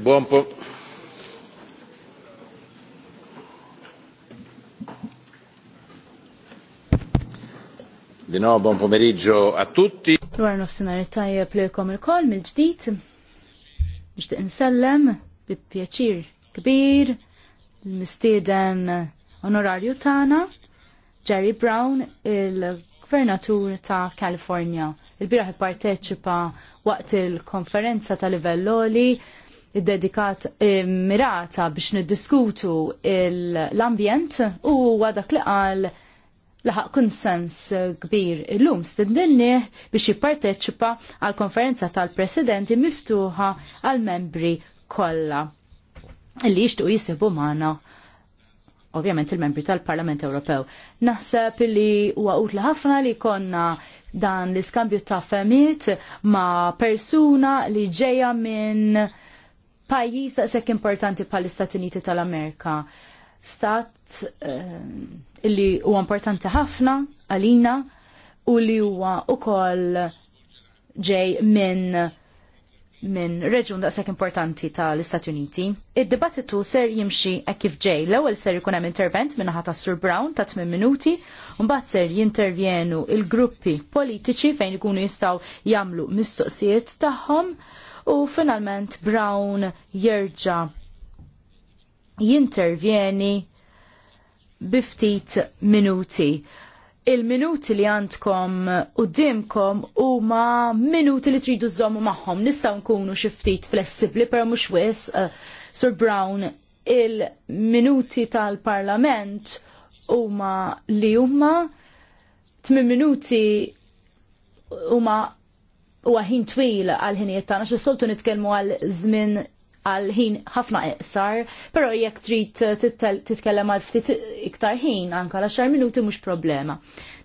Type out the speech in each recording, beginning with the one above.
Buon po- Di nuovo buon pomeriggio a tutti. Dwar nofsinhar tajjeb lilkom il-kol mill-ġdid. Nixtieq insellem bi pjaċir kbir l-mistieden onorarju tagħna Jerry Brown, il-gvernatur ta' California. Il-biraħ parteċipa waqt il-konferenza ta' livelloli id-dedikat eh, mirata biex niddiskutu l-ambjent u għadak li qal laħaq konsens kbir illum stendinni biex jipparteċipa għal konferenza tal-presidenti miftuħa għal membri kollha li jishtu jisibu magħna ovvjament il-membri tal-Parlament Ewropew. Naħseb li huwa utli ħafna li konna dan l-iskambju ta' femmit ma' persuna li ġeja minn pajjiż daqshekk importanti bħall-Istati Uniti tal-Amerika. Stat uh, eh, li huwa importanti ħafna għalina u li huwa ukoll ġej minn minn reġun daqshekk importanti tal-Istati Uniti. Id-dibattitu ser jimxi hekk kif ġej. L-ewwel ser jkun hemm intervent minn ħata Sur Brown ta' 8 minuti, mbagħad ser jintervjenu il-gruppi politiċi fejn ikunu jistgħu jagħmlu mistoqsijiet tagħhom u finalment Brown jerġa' jintervjeni biftit minuti il-minuti li għandkom u dimkom u ma minuti li tridu zommu maħħom. Nistaw nkunu xiftit flessibli, pero mux wis, uh, Sir Brown, il-minuti tal-parlament u ma li umma tmin minuti u ma u għahin twil għal-ħinijiet tana, soltu nitkelmu għal-zmin għal ħin ħafna iqsar, però jekk trid titkellem għal ftit iktar ħin anke għal xar minuti mhux problema.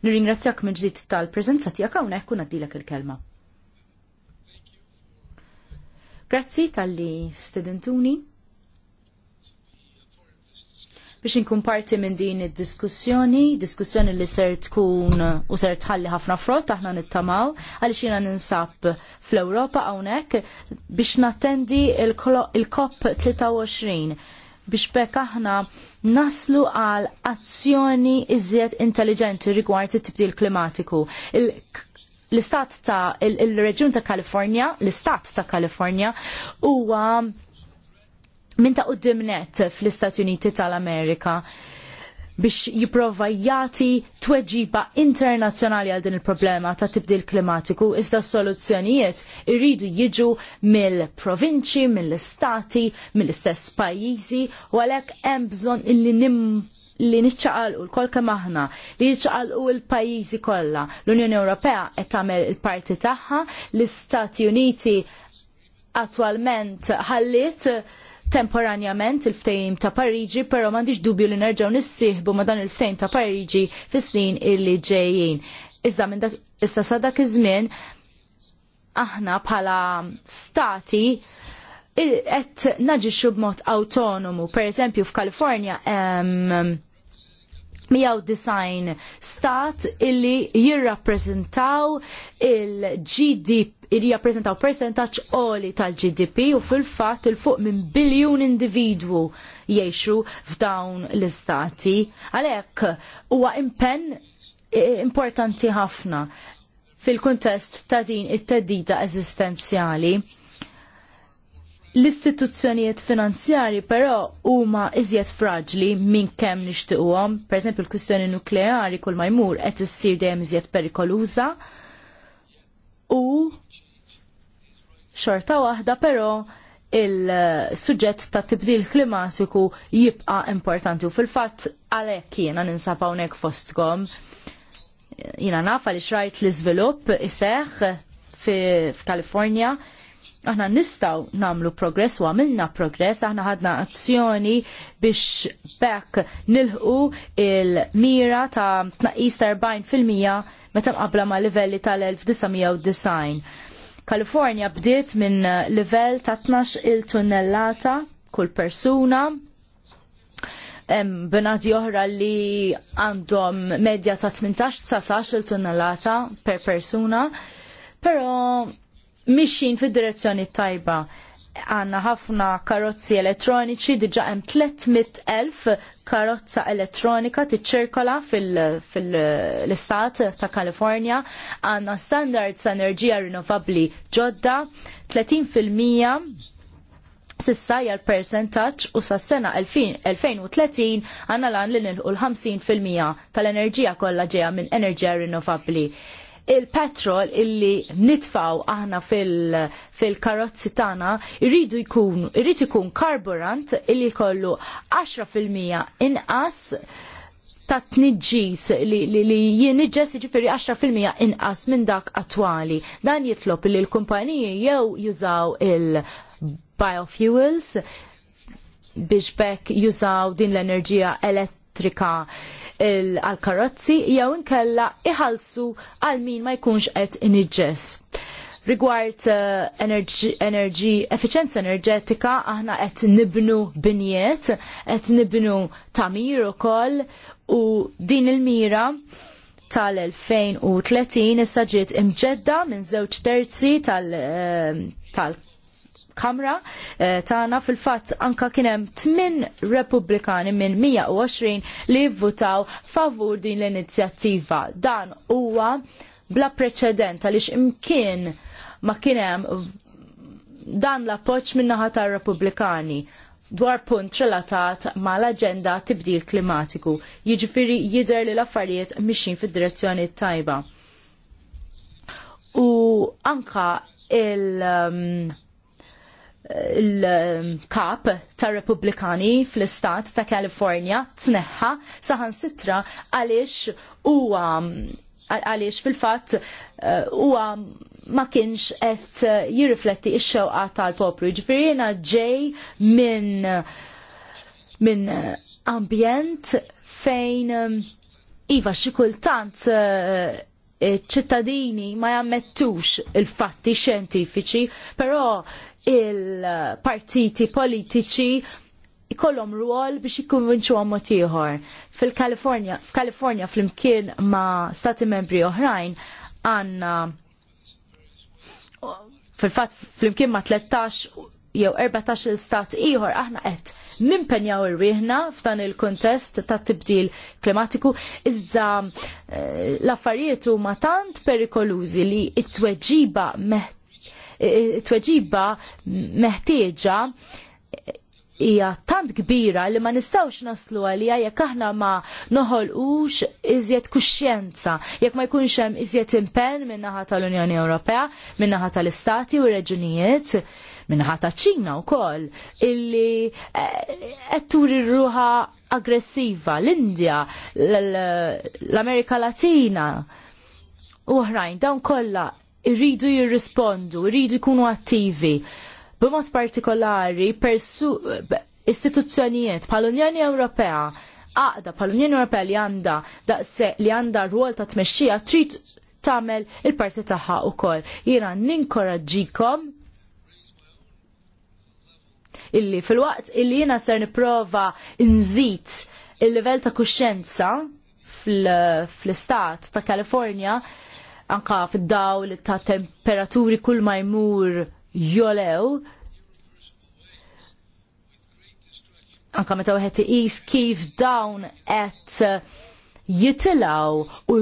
Nirringrazzjak minn ġdid tal-preżenza tiegħek hawnhekk u ngħaddilek il-kelma. Grazzi tal-li stedentuni biex inkun parti minn din id-diskussjoni, diskussjoni li ser tkun u ser tħalli ħafna frott aħna nittamaw għaliex jiena ninsab fl-Ewropa hawnhekk biex nattendi il-COP 23 biex bekk aħna naslu għal azzjoni iżjed intelligenti rigward it-tibdil klimatiku. L-istat ta' il-reġjun ta' Kalifornja, l-istat ta' Kalifornja huwa minn ta' net fl-Istati Uniti tal-Amerika biex jipprova jati tweġiba internazzjonali għal din il-problema ta' tibdil klimatiku iżda soluzzjonijiet irridu jiġu mill-provinċi, mill-istati, mill-istess pajjiżi u għalhekk hemm bżonn illi nim li u l kolka kemm aħna, li u l-pajjiżi kollha. L-Unjoni Ewropea qed tagħmel il-parti tagħha, l-Istati Uniti attualment ħallit temporanjament il ftehim ta' Pariġi, però m'għandix dubju li nerġgħu nissieħbu ma' dan il-ftejim ta' Pariġi fis-snin illi ġejjin. Iżda minn dak issa sa dak iż-żmien aħna bħala stati qed naġixxu b'mod autonomu. Per eżempju f'Kalifornja 190 stat illi jirrappreżentaw il-GDP jirrappreżentaw percentage oli tal-GDP u fil-fatt il-fuq minn biljun individwu jiexu f'dawn l-istati. Għalhekk huwa impenn importanti ħafna fil-kuntest ta' din it-teddida eżistenzjali L-istituzzjonijiet finanzjari però huma iżjed fraġli minn kemm nixtiequhom, pereżempju l-kwistjoni nukleari kull ma jmur qed issir dejjem iżjed perikoluża u xorta waħda però il-suġġett ta' tibdil klimatiku jibqa' importanti u fil-fatt għalhekk jiena ninsab hawnhekk fostkom. Jiena nafa li xrajt l-iżvilupp iseħħ f'Kalifornja aħna nistaw namlu progress u għamilna progress, aħna ħadna azzjoni biex bekk nilħu il-mira ta' tnaqis ta' 40% meta mqabla ma' livelli tal-1990. Kalifornja bdiet minn livell ta' 12 il-tunnellata kull persuna B'nadi oħra li għandhom medja ta' 18-19 il-tunnellata per persuna, pero mixin fi direzzjoni tajba. Għanna ħafna karozzi elettroniċi, diġa hemm 300.000 karozza elettronika tiċċirkola fil-istat fil, ta' Kalifornja. Għanna standards ta' enerġija rinnovabbli ġodda, 30% sissa jgħal percentaċ u sa sena 2030 għandna lan li nilħu l-50% tal-enerġija kollha ġejja minn enerġija rinnovabbli il-petrol illi nitfaw aħna fil-karozzi fil tagħna irridu jkun irrid ikun karburant illi jkollu 10% inqas ta' tniġġis li, li, li jinġġes iġifiri 10% inqas minn dak attwali. Dan jitlob li l-kumpaniji jew jużaw il-biofuels biex bekk jużaw din l-enerġija elett elettrika għal karozzi jew inkella iħalsu għal min ma jkunx qed iniġġess. Rigward eh, enerġi, efficienza enerġetika, aħna qed nibnu binjiet, qed nibnu tamir ukoll u din il-mira tal-2030 issa ġiet imġedda minn żewġ terzi tal-, eh, tal kamra eh, tagħna fil-fatt anka kien hemm tmien Repubblikani minn 120 li votaw favur din l-inizjattiva. Dan huwa bla preċedenta għaliex imkien ma kien hemm dan l-appoġġ min-naħa tar dwar punt relatat ma l-agenda tibdil klimatiku. Jiġifieri jidher li l-affarijiet mixin fid-direzzjoni tajba. U anka il- um, il-kap ta' Republikani fl-istat ta' Kalifornja tneħħa saħan sitra għaliex huwa għaliex fil-fatt eh, huwa ma kienx qed jirrifletti ix xewqa tal-poplu. Ġifieri jiena ġej minn min ambjent fejn eh, iva xi kultant uh, ċittadini ma jammettux il-fatti xjentifiċi, però il-partiti politiċi kollom ruol biex jikkonvinċu għom ieħor. Fil-Kalifornja, fl flimkien ma' stati membri oħrajn għandna fil-fatt flimkien ma' 13 jew 14 stat ieħor aħna qed nimpenjaw ir-rieħna f'dan il-kuntest ta' tibdil klimatiku iżda eh, l-affarijiet huma tant perikolużi li t-tweġiba tweġiba meħtieġa hija tant kbira li ma nistawx naslu għalija jekk aħna ma noħolqux iżjed kuxjenza, jekk ma jkunx hemm iżjed impenn min-naħa tal-Unjoni Ewropea, min-naħa tal-Istati u reġunijiet minnaħat ta' ċina wkoll illi eh, qed turi ruħa aggressiva l-Indja, l-Amerika Latina u oħrajn dawn kollha irridu jirrispondu, irridu jkunu attivi. B'mod partikolari persu istituzzjonijiet bħal-Unjoni Ewropea għaqda pal-Unjoni Ewropea li għanda daqse li għanda rwol ta' tmexxija trid tagħmel il-parti tagħha wkoll. Jiena ninkoraġġikom illi fil-waqt illi jina ser nipprova nżid il-livell ta' kuxjenza fl-istat ta' Kalifornja anka fid-dawl ta' temperaturi kull ma jmur jolew anka meta wieħed iqis kif dawn qed jitilaw u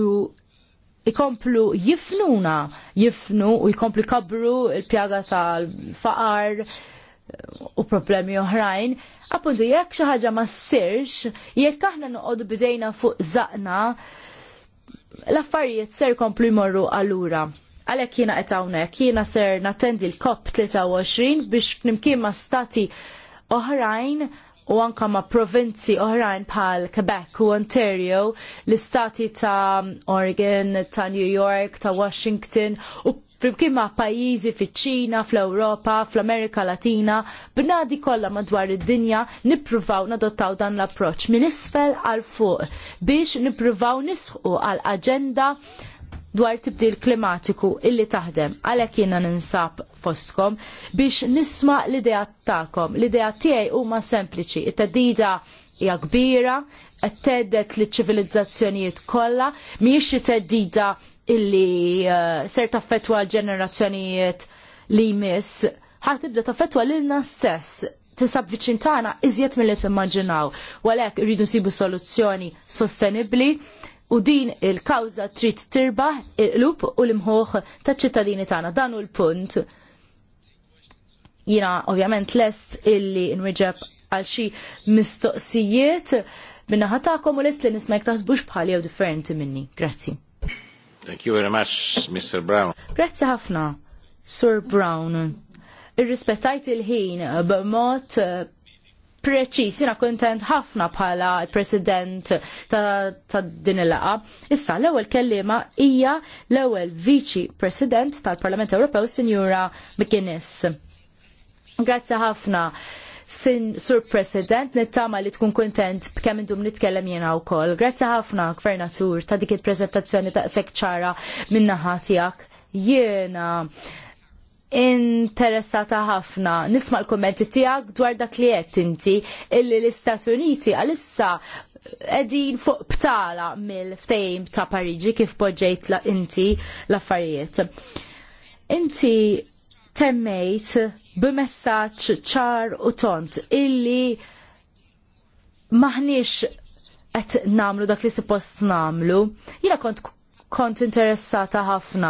jkomplu jifnuna, jifnu u jkomplu kabru il-pjaga tal-faqar, u problemi oħrajn, appuntu jekk xi ħaġa ma ssirx, jekk aħna noqogħdu bidejna fuq zaqna, l-affarijiet ser komplu jmorru allura. Għalhekk jiena qed hawnhekk, jiena ser nattendi l-COP 23 biex flimkien ma' stati oħrajn u anka ma' provinzi oħrajn bħal Quebec u Ontario, l-istati ta' Oregon, ta' New York, ta' Washington u flimkien ma' pajjiżi fiċ-Ċina, fl-Ewropa, fl-Amerika Latina, b'nadi kollha madwar id-dinja nippruvaw nadottaw dan l-approċċ minn isfel għal fuq biex nippruvaw nisħu għal aġenda dwar tibdil klimatiku illi taħdem għalhekk jiena ninsab fostkom biex nisma l-idea tagħkom. L-idea tiegħi huma sempliċi, it-tedida hija kbira, għattedet li ċivilizzazzjonijiet kollha, mhijiex it-tedida illi uh, ser taffetwa l-ġenerazzjonijiet li jmiss, ħat tibda taffetwa lilna stess tinsab viċin tagħna iżjed milli timmaġinaw. Walek rridu nsibu soluzzjoni sostenibbli u din il-kawża trid tirbaħ il-qlub u l-imħuħ taċ-ċittadini tagħna. Dan hu l-punt. Jina ovvjament lest illi nwiġeb għal xi mistoqsijiet minna ħatakom u lest li nisma' taħsbux bħal jew differenti minni. Grazzi. Thank you very much, Mr. Brown. Grazzi ħafna, Sir Brown. Irrispettajt il-ħin b'mod eh, preċis, jina kontent ħafna bħala president ta', ta din il-laqa. Issa, l ewwel kellima hija l ewwel viċi president tal-Parlament Ewropew, Signora McGuinness. Grazzi ħafna. Sin Sur President, nittama li tkun kontent b'kemm indum nitkellem jiena wkoll. Grazzi ħafna, Gvernatur, ta' dik il-preżentazzjoni ta' sekċara min-naħa tiegħek. Jiena interessata ħafna nisma l-kommenti tiegħek dwar dak li qed inti illi l-Istati Uniti għalissa edin fuq btala mill-ftejm ta' Pariġi kif poġġejt la inti l-affarijiet. Inti temmejt b'messaġġ ċar u tont illi maħniex qed namlu dak li suppost namlu. Jiena kont kont interessata ħafna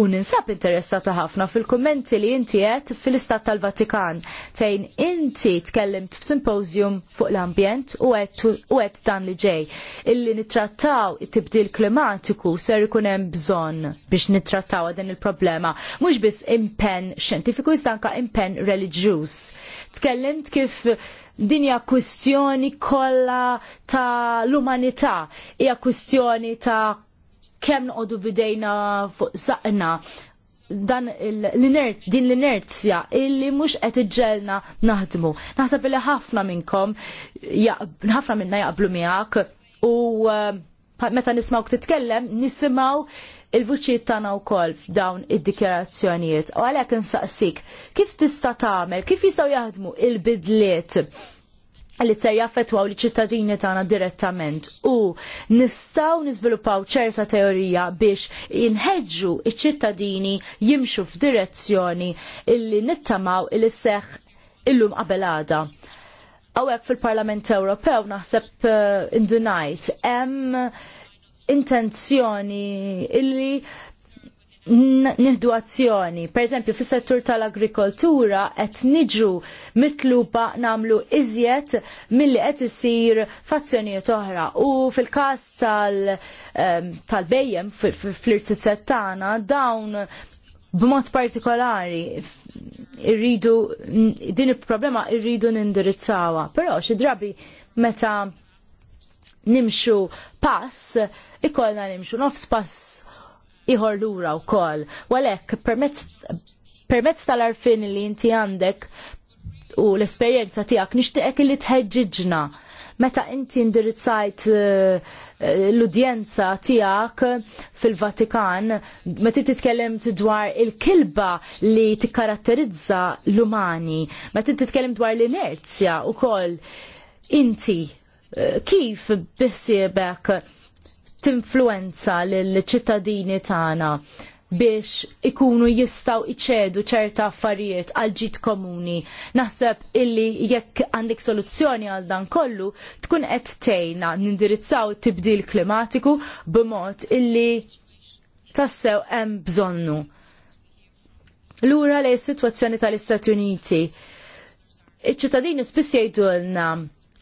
u ninsab interessata ħafna fil-kommenti li inti qed fil-Istat tal-Vatikan fejn inti tkellimt f-symposium fuq l-ambjent u qed dan li ġej. Illi nittrattaw it-tibdil klimatiku ser ikun hemm bżonn biex nitrattaw din il-problema, mhux biss impenn xjentifiku iżda anke impenn reliġjuż. Tkellimt kif dinja kwistjoni kollha ta' l-umanità, hija kwistjoni ta' kemm noqogħdu bidejna fuq saqna dan l-inert, din l-inerzja illi mhux qed iġġelna naħdmu. Naħseb li ħafna minnkom, ħafna minna jaqblu miegħek u eh, meta nismaw titkellem, nisimaw il-vuċiet tagħna wkoll f'dawn id-dikjarazzjonijiet. U għalhekk insaqsik, kif tista' tagħmel, kif jistgħu jaħdmu il-bidliet li ser jaffetwaw li ċittadini tagħna direttament u nistgħu niżviluppaw ċerta teorija biex inħeġġu iċ-ċittadini jimxu f'direzzjoni illi nittamaw illi seħ illum qabelada. Għawek fil-Parlament Ewropew naħseb uh, indunajt hemm intenzjoni illi nieħdu azzjoni. Per eżempju, fis-settur tal-agrikoltura qed niġru mitluba namlu iżjed milli qed isir fazzjonijiet oħra. U fil-każ ehm, tal-bejjem tal bejjem fl irtizet tagħna dawn b'mod partikolari irridu din il-problema irridu nindirizzawa. Però xi drabi meta nimxu pass, ikollna nimxu nofs pass iħor lura wkoll. Walek, permezz tal-arfin li inti għandek u l-esperjenza tiegħek nixtieqek li tħeġġiġna meta inti indirizzajt eh, eh, l-udjenza tijak fil-Vatikan, meta titkellem dwar il-kilba li tikkaratterizza l-umani, meta titkellem dwar l-inerzja u kol, inti eh, kif bissiebek tinfluenza lill-ċittadini tagħna biex ikunu jistaw iċedu ċerta affarijiet għal ġid komuni. Naħseb illi jekk għandek soluzzjoni għal dan kollu, tkun qed tejna nindirizzaw tibdil klimatiku b'mod illi tassew hemm bżonnu. Lura lej situazzjoni tal-Istati Uniti. Iċ-ċittadini spiss jgħidulna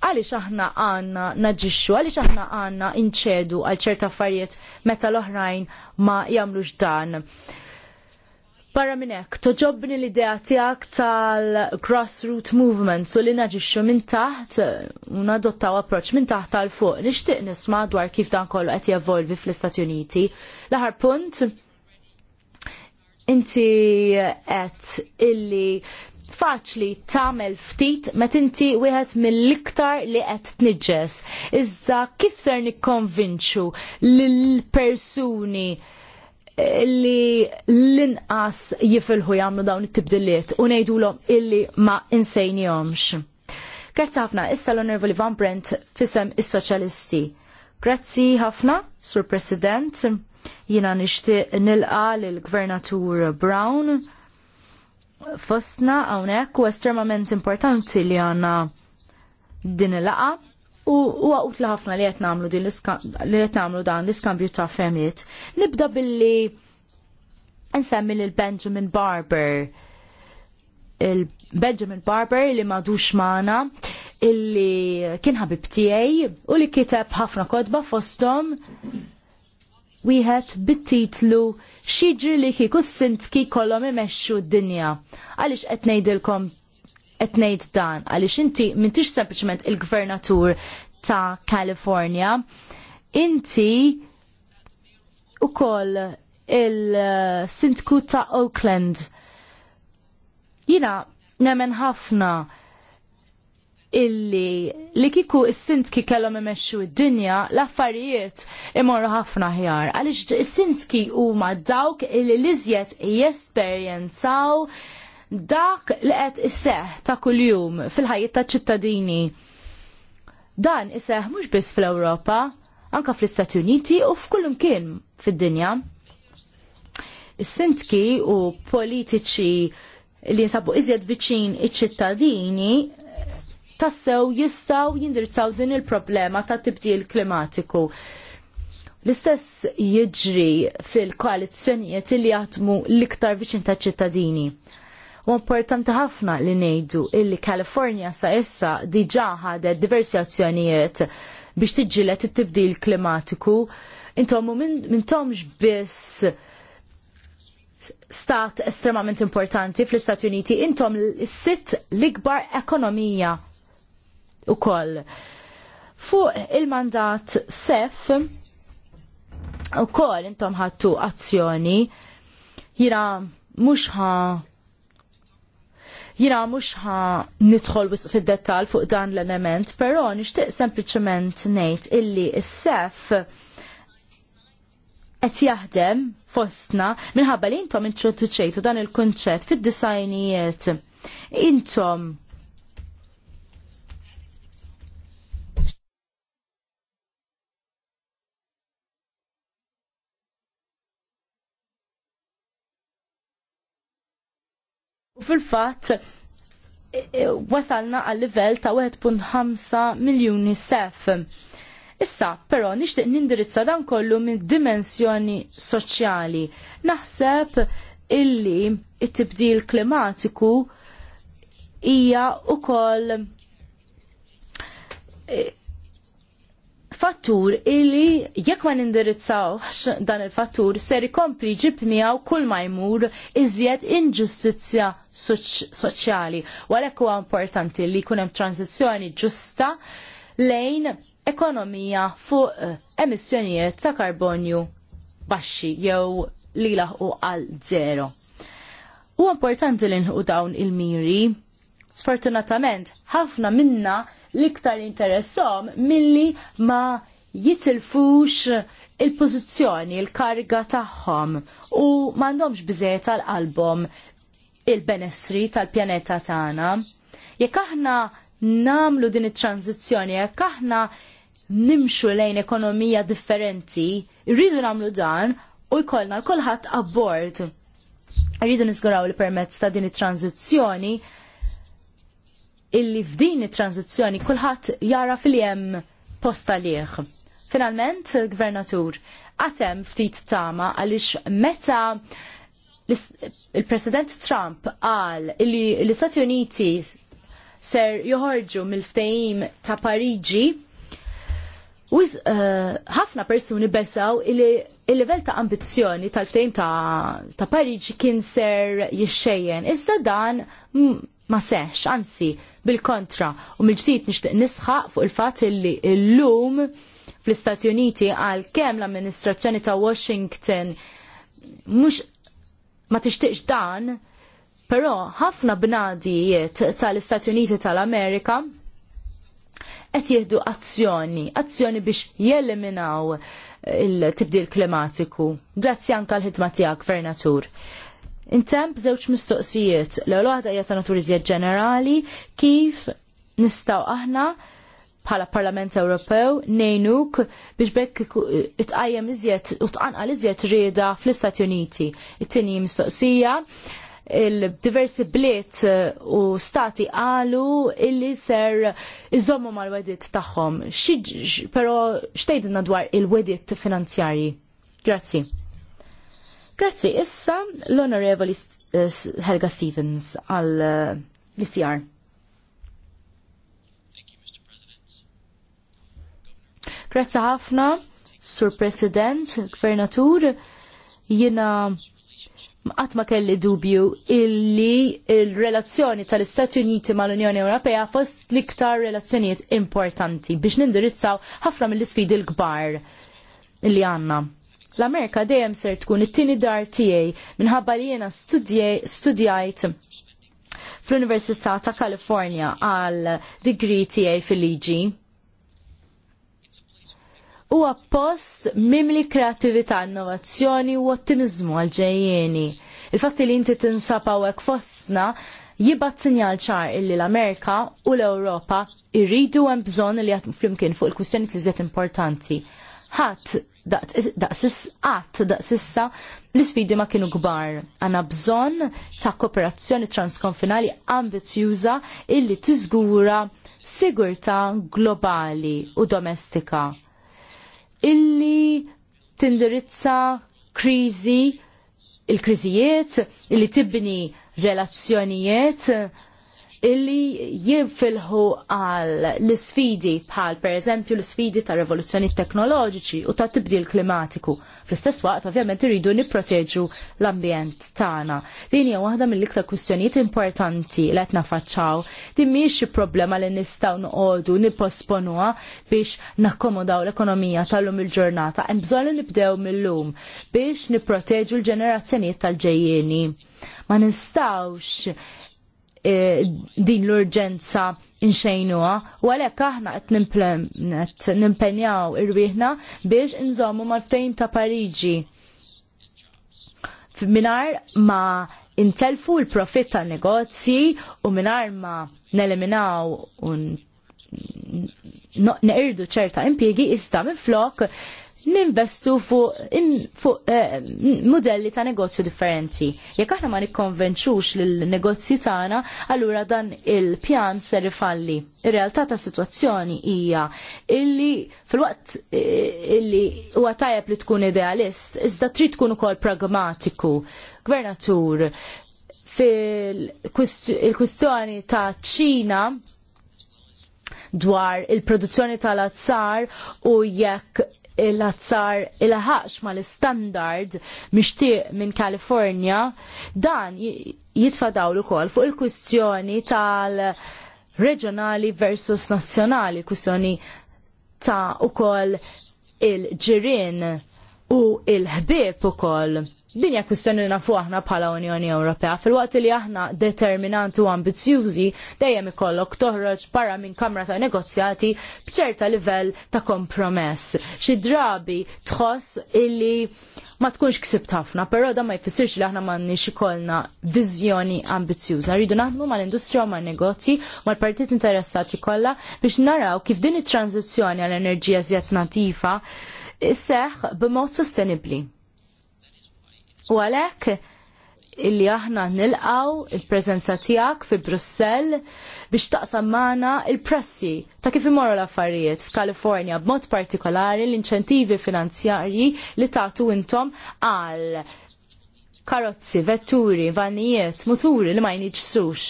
għaliex aħna għandna naġixxu, għaliex aħna għandna inċedu għal ċerta affarijiet meta l-oħrajn ma jagħmlux dan. Barra minn hekk, toġobni l-idea tiegħek tal-grassroot movement, u li naġixxu minn taħt u nadottaw approċċ minn taħt tal fuq. Nixtieq nisma' dwar kif dan kollu qed jevolvi fl-Istati Uniti. l punt, inti għet illi faċli tagħmel ftit meta inti wieħed mill-iktar li qed tniġġes. Iżda kif ser nikkonvinċu lill persuni eh, li l-inqas jifilħu jagħmlu dawn it-tibdiliet u ngħidulhom illi ma insejnihomx. Grazzi ħafna, issa l-Onorevoli Van Brent fisem is-Soċjalisti. Grazzi ħafna, Sur President, jina nixtieq nilqa lill-Gvernatur Brown fostna hawnhekk u estremament importanti li għandna din il-laqa u għut li ħafna li qed nagħmlu li dan l-iskambju ta' femiet. Nibda billi nsemmi lil Benjamin Barber il-Benjamin Barber li madux maħna illi kien ħabib tiegħi u li kiteb ħafna kodba fostom wieħed bit-titlu xiġri li kieku sintki kollhom imexxu d-dinja. Għaliex qed ngħidilkom qed ngħid dan għaliex inti m'intix sempliċement il-gvernatur ta' California, inti ukoll il-sintku ta' Oakland. Jina nemmen ħafna illi li kiku s-sintki kellhom imexxu id-dinja l-affarijiet imorru ħafna ħjar. Għaliex is-sintki huma dawk illi liżjed jesperjenzaw dak li qed seħ ta' kuljum fil ħajiet ta' ċittadini. Dan is-seħ mhux biss fl-Ewropa, anka fl-Istati Uniti u f'kullum kien fid-dinja. Is-sintki u politiċi li nsabu iżjed viċin iċ-ċittadini tassew jistgħu jindirizzaw din il-problema ta' tibdil klimatiku. L-istess jiġri fil-koalizzjonijiet li jaħdmu l-iktar viċin ta' ċittadini. U importanti ħafna li ngħidu illi Kalifornija sa issa diġà ħadet diversi azzjonijiet biex tiġġilet it-tibdil klimatiku. Intom tomx biss stat estremament importanti fl-Istati Uniti, intom l-sitt l-ikbar ekonomija koll. Fuq il-mandat sef ukoll intom ħattu azzjoni jira mhux ħa jina mux ħa nidħol fil detal fuq dan l-element, pero nishtiq sempliciment nejt illi s-sef qed jaħdem fostna minħabba li intom introduċejtu dan il-kunċett fid-disajnijiet. Intom fil-fatt e, e, wasalna għal livell ta' 1.5 miljuni sef. Issa, però, nixtieq nindirizza dan kollu minn dimensjoni soċjali. Naħseb illi it-tibdil klimatiku hija koll e, fattur illi jekk ma nindirizzawx dan il-fattur ser ikompli ġib miegħu kull ma jmur iżjed inġustizzja soċjali. U għalhekk huwa importanti li jkun hemm ġusta lejn ekonomija fuq eh, emissjonijiet ta' karbonju baxxi jew li laħu għal zero. U importanti li nħu dawn il-miri. Sfortunatament, ħafna minna l-iktar interessom milli ma jitilfux il-pozizjoni, il-karga tagħhom u m'għandhomx biżejjed tal-album il benestri tal-pjaneta tagħna. Jekk aħna namlu din it-tranzizzjoni, jekk aħna nimxu lejn ekonomija differenti, rridu namlu dan u jkollna l-kulħadd abbord. Rridu nisguraw li permezz ta' din it-tranzizzjoni illi f'din it-tranzizzjoni kulħadd jara fil-jem posta liħ. Finalment, gvernatur, għatem ftit tama għalix meta il-President Trump għal li l-Istati Uniti ser joħorġu mill-ftehim ta' Pariġi, eh, ħafna uh, persuni besaw li il-level ta' ambizzjoni tal-ftehim ta', ta Pariġi kien ser jixxejjen. Iżda dan ma seħx, anzi, bil-kontra, u mil ġdid nixtieq nisħaq fuq il-fatt li llum fl-Istati Uniti għal kem l-amministrazzjoni ta' Washington mhux ma tixtieqx dan, però ħafna bnadijiet tal-Istati Uniti tal-Amerika qed jieħdu azzjoni, azzjoni biex jeliminaw il-tibdil klimatiku. Grazzi anke l-ħidma tiegħek, Vernatur. Intemp żewġ mistoqsijiet. L-ewwel waħda hija ta' naturiżja ġenerali kif nistgħu aħna bħala Parlament Ewropew nejnuk biex bekk itqajjem iżjed u tqanqal iżjed rieda fl-Istati Uniti. It-tieni mistoqsija il-diversi bliet uh, u stati għalu illi ser iżommu mal-wedit tagħhom. Però xtejdinna dwar il-wedit finanzjarji. Grazzi. Grazzi, issa l-Onorevoli Helga Stevens għal uh, l cr Grazzi ħafna, Sur President, Gvernatur, jina qatt ma kelli dubju illi il-relazzjoni tal-Istati Uniti mal-Unjoni Ewropea fost liktar relazzjonijiet importanti biex nindirizzaw ħafna mill-isfidi l-kbar li għanna. L-Amerika dejjem ser tkun it-tieni dar tiegħi minħabba li jiena studjajt fl-Università ta' California għal degree tiegħi fil-liġi huwa post mimli kreativita, innovazzjoni u ottimizmu għal-ġejjeni. Il-fatti li inti tinsab hawnhekk fostna jibat sinjal ċar illi l-Amerika u l-Ewropa irridu hemm bżonn li jaħdmu flimkien fuq il kustjoni li żiet importanti. Ħadd daqsis qatt, daqsissa l-isfidi ma kienu kbar. Għana bżon ta' kooperazzjoni transkonfinali ambizjuża illi tiżgura sigurta globali u domestika. Illi tindirizza krizi, il-kriżijiet, illi tibni relazzjonijiet illi jinfilħu għal l-sfidi bħal per eżempju l-sfidi ta' revoluzzjoni teknoloġiċi u ta' tibdil klimatiku. Fl-istess waqt ovvjament iridu nipproteġu l-ambjent tagħna. Din hija waħda mill-iktar kwistjonijiet importanti li qed nafaċċaw. Din mhix problema li nistgħu noqogħdu nipposponuha biex nakkomodaw l-ekonomija tal-lum il-ġurnata. Hemm bżonn nibdew mill-lum biex nipproteġu l-ġenerazzjonijiet tal-ġejjieni ma nistawx E, din l-urġenza inxejnuha u għalhekk aħna qed nimpenjaw irwieħna biex inżommu mal ftejn ta' Pariġi. Minar ma intelfu l-profit ta' negozji u minar ma neliminaw un neqirdu ċerta impjiegi iżda minflok ninvestu fuq eh, modelli ta' negozju differenti. Jekk aħna ma nikkonvenċux lill negozji tagħna, allura dan il-pjan ser ifalli. Ir-realtà ta' situazzjoni hija illi fil-waqt eh, illi huwa tajjeb li tkun idealist, iżda trid tkun ukoll pragmatiku. Gvernatur, fil-kwistjoni ta' ċina dwar il-produzzjoni tal-azzar u jekk il-azzar il-ħax ma l-standard mixtieq minn Kalifornja, dan jitfadaw dawl ukoll fuq il-kwistjoni tal-reġjonali versus nazzjonali, kwistjoni ta' ukoll il-ġirien u il-ħbieb ukoll Din hija kwistjoni li nafu aħna bħala Unjoni Ewropea. fil fil-waqt li aħna determinanti u ambizjużi dejjem ikollok toħroġ barra minn kamra ta' negozjati b'ċerta livell ta' kompromess. Xi drabi tħoss illi ma tkunx ksibt ħafna, però da ma jfissirx li aħna m'għandniex ikollna viżjoni ambizjuża. Rridu naħdmu mal-industrija u mal negozji mal-partit interessati kollha biex naraw kif din it-tranzizzjoni għall-enerġija żjed natifa isseħħ b'mod sostenibbli. U għalhekk illi aħna nilqaw il-prezenza tiegħek fi Brussell biex taqsam maħna il-pressi ta' kif imorru l-affarijiet f'Kalifornja b'mod partikolari l-inċentivi finanzjarji li tagħtu intom għal karozzi, vetturi, vanijiet, muturi li ma jniġsux.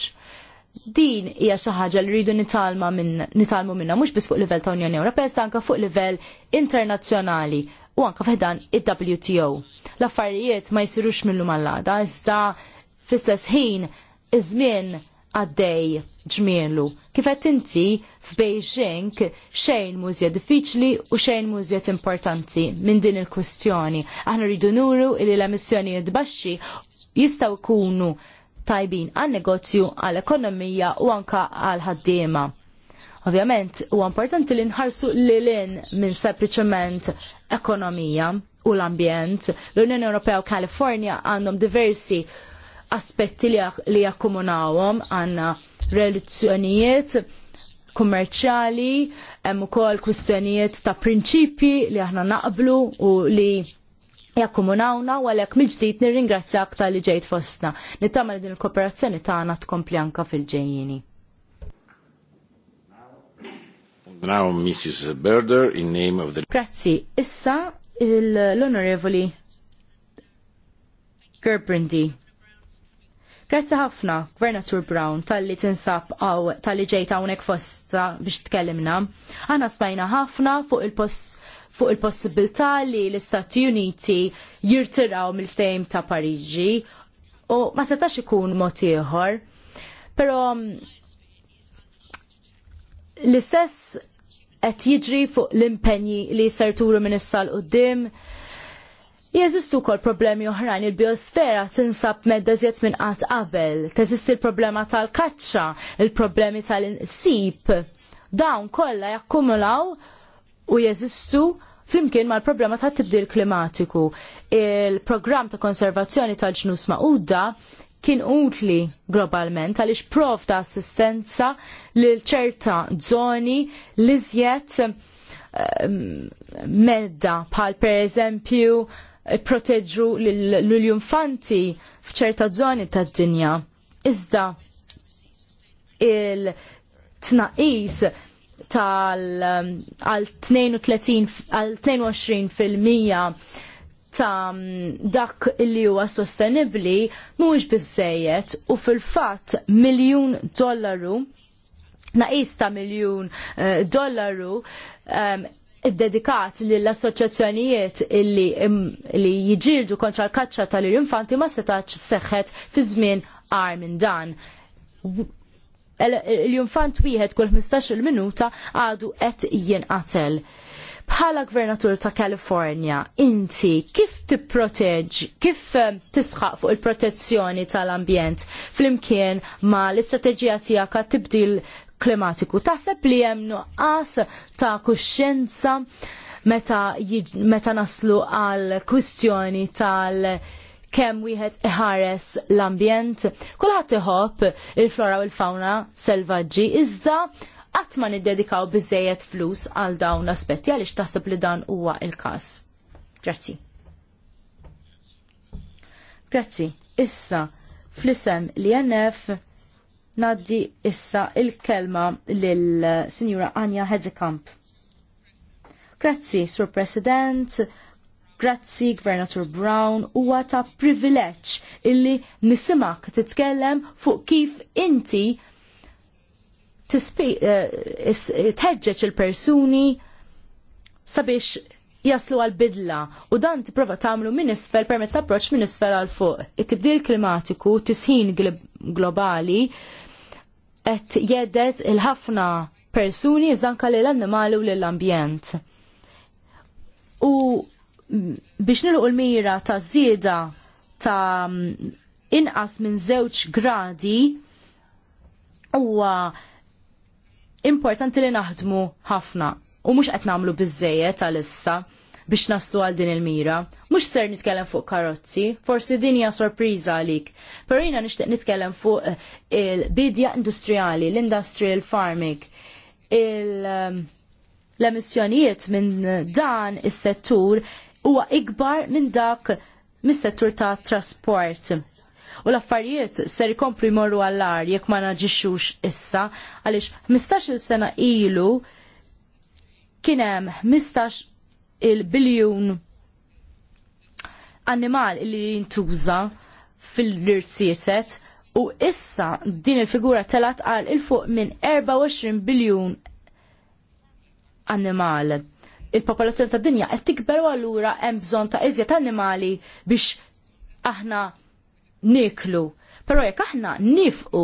Din hija xi ħaġa li rridu nitalma nitalmu minnha mhux biss fuq livell ta' Unjoni Ewropea, anke fuq livell internazzjonali u anke f'dan il-WTO l-affarijiet ma jsirux millu mal lada iżda fl-istess ħin iż-żmien għaddej ġmielu. Kifet inti f'Beijing xejn mużja diffiċli u xejn mużja importanti minn din il-kwestjoni. Aħna rridu nuru li l-emissjonijiet baxxi jistaw kunu tajbin għal negozju, għal ekonomija u anka għal ħaddiema. Ovvjament, u importanti li nħarsu l-lin minn sempliċement ekonomija u l-ambjent. L-Unjoni Ewropea u Kalifornja għandhom diversi aspetti li jakkomunawhom għandna relazzjonijiet kummerċjali, hemm ukoll kwistjonijiet ta' prinċipji li aħna naqblu u li jakkomunawna u għalhekk mill-ġdid nirringrazzjak tal-li ġejt fostna. Nittama li din il-kooperazzjoni tagħna tkompli anka fil-ġejjini. Now Mrs. Berder in name of the Grazzi, issa l-Onorevoli Gerbrandy. Grazzi ħafna, Gvernatur Brown, tal-li tinsab għaw tal-li ġejta unek fosta biex tkellimna. Għana smajna ħafna fuq il-post fuq il-possibilità li l-Istati Uniti jirtiraw mill-ftejm ta' Pariġi u ma setax ikun mod ieħor. Però mm, l-istess qed jiġri fuq l-impenji li serturu minn issa l-qoddim. Jeżistu kol problemi oħrajn il-biosfera tinsab medda zjed minn qatt qabel, teżisti l-problema tal-kaċċa, il-problemi tal-insib. Dawn kollha jakkumulaw u jeżistu flimkien mal problema ta' tibdil klimatiku. Il-programm ta' konservazzjoni tal-ġnus udda kien utli globalment għaliex prof ta' assistenza lil ċerta zoni li zjet ehm, medda bħal per eżempju proteġu l-infanti fċerta zoni tad dinja. Iżda il-tnaqis tal-32% ehm, ta' dak li huwa sostenibli mhuwiex biżejjed u fil-fatt miljun dollaru naqis ta' miljun uh, dollaru um, dedikat lill-assoċjazzjonijiet illi, illi jiġildu kontra l-kaċċa tal-infanti ma setax seħħet fi żmien qar minn dan. L-infant wieħed kull 15-il minuta għadu qed jinqatel. Bħala gvernatur ta' California, inti kif tipproteġ, kif ehm, tisħaq fuq il-protezzjoni tal-ambjent flimkien ma l-istrateġija tiegħek tibdil klimatiku. Taħseb li hemm nuqqas ta' kuxjenza meta, meta naslu għal kwistjoni tal- kemm wieħed iħares l-ambjent, kulħadd iħobb il-flora u l-fauna selvaġġi, iżda qatt ma niddedikaw biżejjed flus għal dawn l-aspetti għaliex taħseb li dan huwa il-każ. Grazzi. Grazzi. Issa fl-isem li NF naddi issa il-kelma lil sinjura Anja Hedzikamp. Grazzi, Sur President, grazzi Gvernatur Brown huwa ta' privileġġ illi nisimak titkellem fuq kif inti tħeġġeġ eh, il-persuni sabiex jaslu għal bidla u dan tipprova tagħmlu minn isfel permezz approċċ minn isfel għal fuq. It-tibdil klimatiku, tisħin globali qed jedet il-ħafna persuni iżanka lil annimali u lill ambjent U biex nilu l-mira ta' żieda ta' inqas minn żewġ gradi huwa importanti li naħdmu ħafna u mhux qed nagħmlu biżejjed għalissa biex naslu għal din il-mira. Mhux ser nitkellem fuq karozzi, forsi din hija sorpriża għalik. Però jiena nixtieq nitkellem fuq eh, il-bidja industrijali, l-industrial farming, ehm, l-emissjonijiet minn dan is-settur huwa ikbar minn dak mis-settur ta' trasport U l-affarijiet ser ikomplu jmorru għall-ar jekk ma naġixxux issa għaliex 15-il sena ilu kien hemm 15 il-biljun annimal li jintuża fil-rirsietet u issa din il-figura telat għal il-fuq minn 24 biljun animal il-popolazzjoni tad dinja qed tikber u allura hemm bżonn ta' iżjed annimali biex aħna niklu. Pero jekk aħna nifqu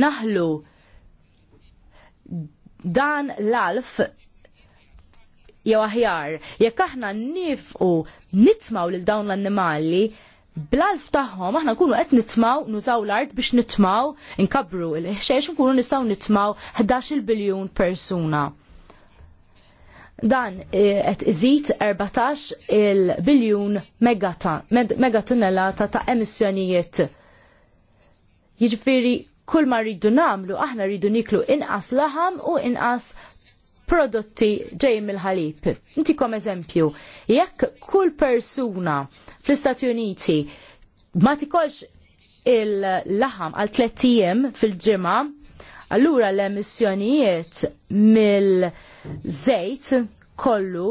naħlu dan l-alf jew aħjar, jekk aħna nifqu nitmaw lil dawn l-annimali, bl-alf tagħhom aħna nkunu qed nitmaw nużaw l-art biex nitmaw inkabru l ħxejx nkunu nistgħu nitmaw 11 biljun persuna. Dan qed eh, iżid 14 il-biljun megatunnella ta' ta' emissjonijiet. Jiġifieri kull ma rridu nagħmlu aħna rridu niklu inqas laħam u inqas prodotti ġej mill-ħalib. Intikom eżempju, jekk kull persuna fl-Istati Uniti ma tikolx il-laħam għal tlettijiem fil-ġimgħa, Allura l-emissjonijiet mill-żejt kollu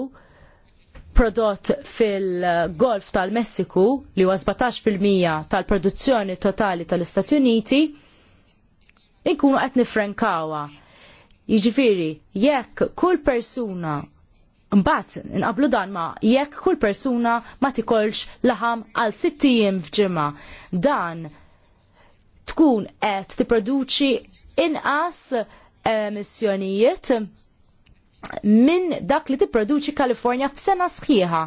prodott fil-Golf tal-Messiku li huwa 17% tal-produzzjoni totali tal-Istati Uniti inkunu qed nifrenkawa. Jiġifieri, jekk kull persuna Mbagħad inqablu dan ma jekk kull persuna ma tikolx laħam għal sittijiem f'ġimgħa. Dan tkun qed tipproduċi inqas eh, emissjonijiet minn dak li tipproduċi Kalifornja f'sena sħiħa.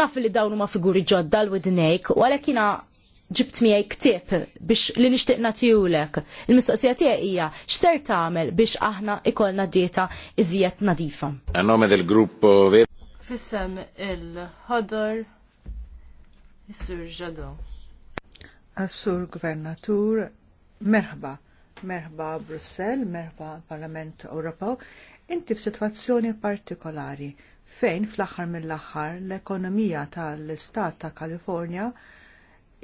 Naf li dawn huma figuri ġodda l-widnejk u għalhekk jiena ġibt miegħi ktieb biex li nixtieq nagħtihulek. Il-mistoqsija tiegħi hija x'ser tagħmel biex aħna ikollna dieta iżjed nadifa. A nome del grupp Ver. Fissem il-ħodor is-sur ġadu. Assur Gvernatur, merħba. Merħba Brussell, merħba Parlament Ewropew, inti f'sitwazzjoni partikolari fejn fl-aħħar mill-aħħar l-ekonomija tal-Istat ta' Kalifornja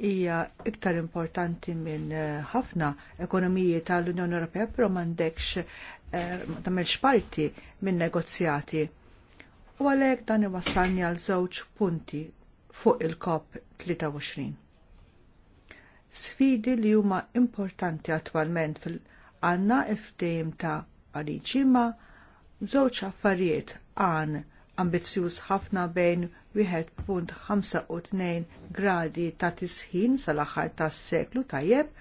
hija iktar importanti minn eh, ħafna ekonomiji tal-Unjoni Ewropea, però m'għandekx eh, ma parti minn negozjati. U għalhekk dan iwassalni għal żewġ punti fuq il-COP 23 sfidi li huma importanti attwalment fil-għanna il-ftejm ta' għaliċima żewġ affarijiet għan ambizzjuż ħafna bejn 1.52 gradi ta' tisħin sal-aħħar tas-seklu tajjeb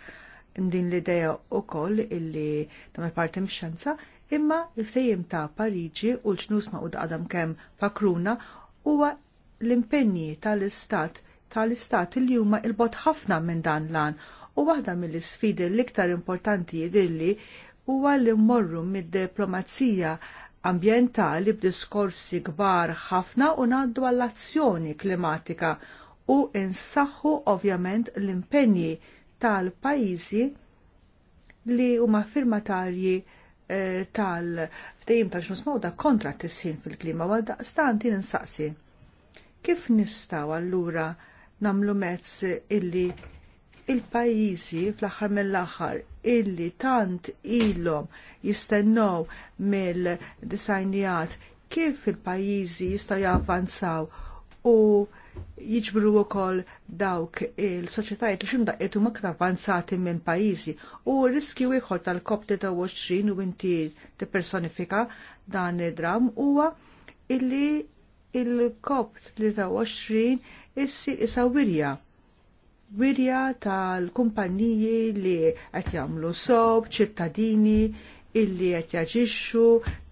din l-ideja wkoll illi tamel parti mxanza imma il ftejim ta' Pariġi u l-ġnus ma' għadam kemm fakruna huwa l-impenji tal-istat tal-istat li huma il-bot ħafna minn dan lan u waħda mill-isfidi l-iktar importanti jidilli huwa li mmorru mid-diplomazija ambjentali b'diskorsi kbar ħafna u ngħaddu għall-azzjoni klimatika u insaħħu ovvjament l-impenji tal-pajjiżi li huma firmatarji eh, tal-ftejim tal da kontra t-tisħin fil-klima, għal daqstant insaqsi kif nistaw allura namlu mezz illi il-pajjiżi fl-aħħar mill-aħħar illi tant ilhom jistennew mill-disajnijat kif il-pajjiżi jistgħu javvanzaw u jiġbru wkoll dawk il-soċjetajiet li x'imdaqqiet huma aktar avanzati minn pajjiżi u riskju ieħor tal-COP23 u inti tippersonifika dan id-dram huwa illi il-COP23 issi isa wirja. Wirja tal-kumpanniji li qed jagħmlu sob, ċittadini illi qed jaġixxu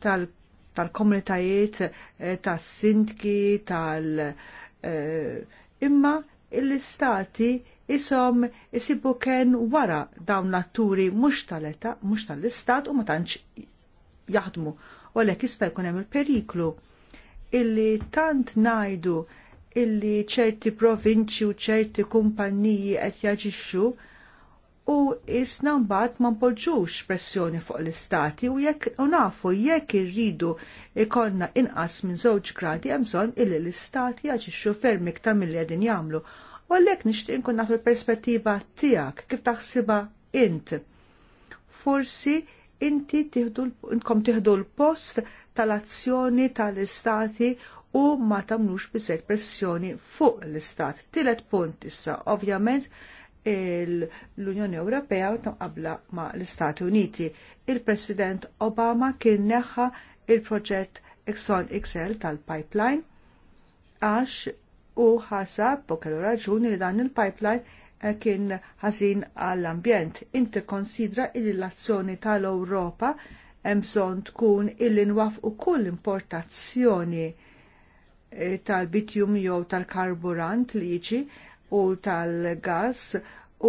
tal-komunitajiet tal eh, tas-sindki tal-, eh, imma l-istati isom isibu ken wara dawn l-atturi mhux tal-eta, mhux tal-istat u ma tantx jaħdmu. U għalhekk jista' jkun hemm il-periklu illi tant ngħidu illi ċerti provinċi u ċerti kumpanniji qed jaġixxu u isna mbagħad ma npoġġux pressjoni fuq l-istati u jekk u nafu jekk irridu ikonna inqas minn żewġ gradi hemm bżonn illi l-istati jaġixxu ferm iktar milli qegħdin jagħmlu. U għalhekk nixtieq inkun naf il-perspettiva tiegħek kif taħsibha int. Forsi inti tieħdu inkom tieħdu l-post tal-azzjoni tal-istati u ma tamlux biżejt pressjoni fuq l-Istat. Tilet punt issa, ovvjament l-Unjoni Ewropea tamqabla ma l-Istati Uniti. Il-President Obama kien neħħa il-proġett Exxon XL tal-pipeline għax u ħasab po kellu raġuni li dan il-pipeline kien ħażin għall-ambjent. Inti konsidra il l-azzjoni tal-Ewropa hemm bżonn tkun illi u kull importazzjoni Eh, tal-bitjum jew tal-karburant liġi u tal-gas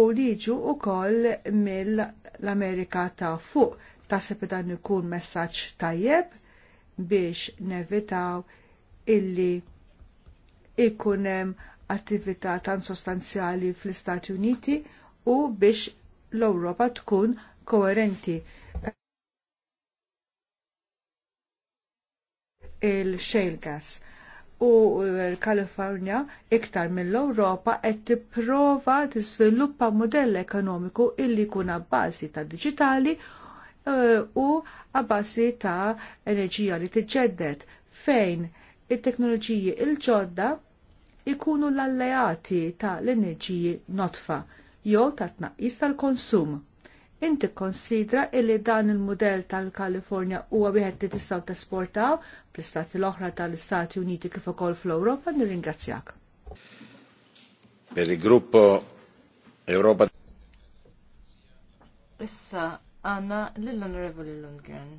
u liġu jiġu wkoll mill-Amerika ta' fuq. Tasib dan ikun messaġġ tajjeb biex nevitaw illi ikun hemm attività tan sostanzjali fl-Istati Uniti u biex l-Ewropa tkun koerenti. il-shale gas u l-Kalifornja iktar mill-Ewropa qed tipprova tiżviluppa modell ekonomiku illi jkun abbażi ta' diġitali eh, u abbażi ta' enerġija li tiġġedded fejn it-teknoloġiji il-ġodda ikunu l-alleati ta' l-enerġiji notfa jew ta' tnaqqis tal-konsum. Inti konsidra illi dan il-modell tal-Kalifornja huwa wieħed li tistgħu tesportaw fl-istati l-oħra tal-Istati Uniti kif ukoll fl-Ewropa nirringrazzjak. Per il-gruppo Europa. Issa għanna lill-Onorevoli Lundgren.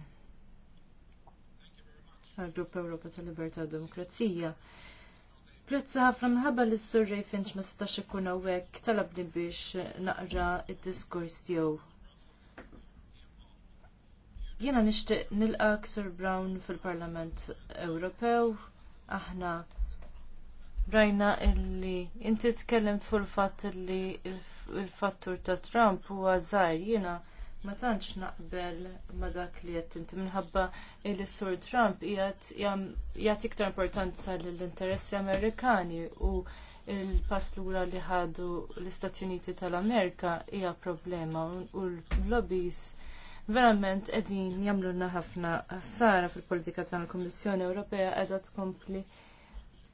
Għal-Grupp Ewropa tal-Libertà u Demokrazija. Grazzi ħafna minħabba li s-surrej finċ ma setax ikun hawnhekk talabni biex naqra id-diskors tiegħu Jiena nixtieq nilqak Sir Brown fil-Parlament Ewropew. Aħna rajna illi inti tkellimt fuq il-fatt illi il-fattur ta' Trump huwa żgħar jiena ma tantx naqbel ma dak li qed inti minħabba li sur Trump qiegħed jagħti iktar importanza lill-interessi Amerikani u il-pass lura li ħadu l-Istati Uniti tal-Amerika hija problema u l-lobbies verament qegħdin jamlu ħafna ħsara fil-politika tal l-Kummissjoni Ewropea qiegħda tkompli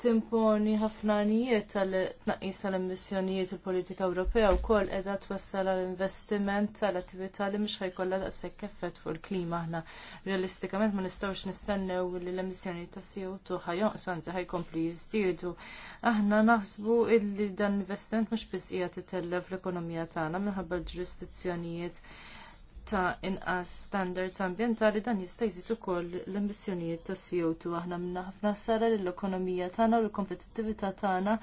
timponi ħafna nijiet tal-tnaqqis tal-emissjonijiet il-politika Ewropea wkoll qiegħda twassal l investiment tal-attività li kolla ħajkollha daqshekk effett fuq il-klima aħna. Realistikament ma nistgħux nistennew li l-emissjonijiet ta' CO2 ħajonqsu ħaj kompli jiżdiedu. Aħna naħsbu li dan l-investiment mhux biss qiegħed titellef l-ekonomija tagħna minħabba l-ġurisdizzjonijiet ta' inqas standards ambjentali dan jista' jżid ukoll l-emissjonijiet ta' CO2 aħna minna ħafna ħsara lill ekonomija tagħna u l-kompetittività tagħna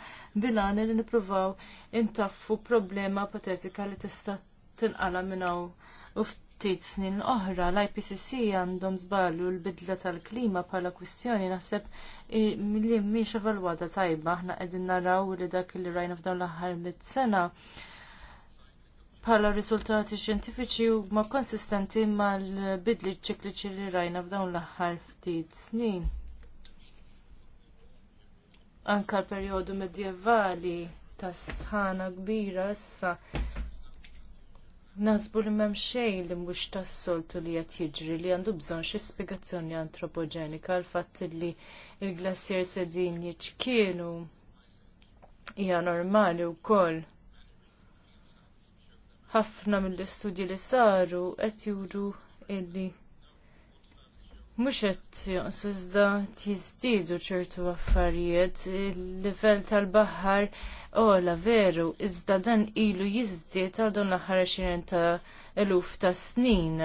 bilan li nippruvaw intaffu problema patetika li tista' tinqala minn hawn u ftit snin oħra l-IPCC għandhom żballu l-bidla tal-klima bħala kwistjoni naħseb li mhix evalwata tajba aħna qegħdin naraw li dak li rajna f'dawn l-aħħar mit-sena bħala riżultati xjentifiċi huma konsistenti mal-bidli ċikliċi li rajna f'dawn l-aħħar ftit snin. Anka l-perjodu medjevali ta' sħana kbira issa Nasbu li m'hemm xejn li mhux tas-soltu li qed jiġri li għandu bżonn xi spjegazzjoni antropoġenika għal fatt li l-glassier sedin jiċkienu hija normali wkoll ħafna mill-istudji li saru qed juru illi mhux qed jonqsu iżda jiżdiedu ċertu affarijiet, il-livell tal-baħar ola veru, iżda dan ilu jiżdied għal dawn l-aħħar ta' eluf ta' snin.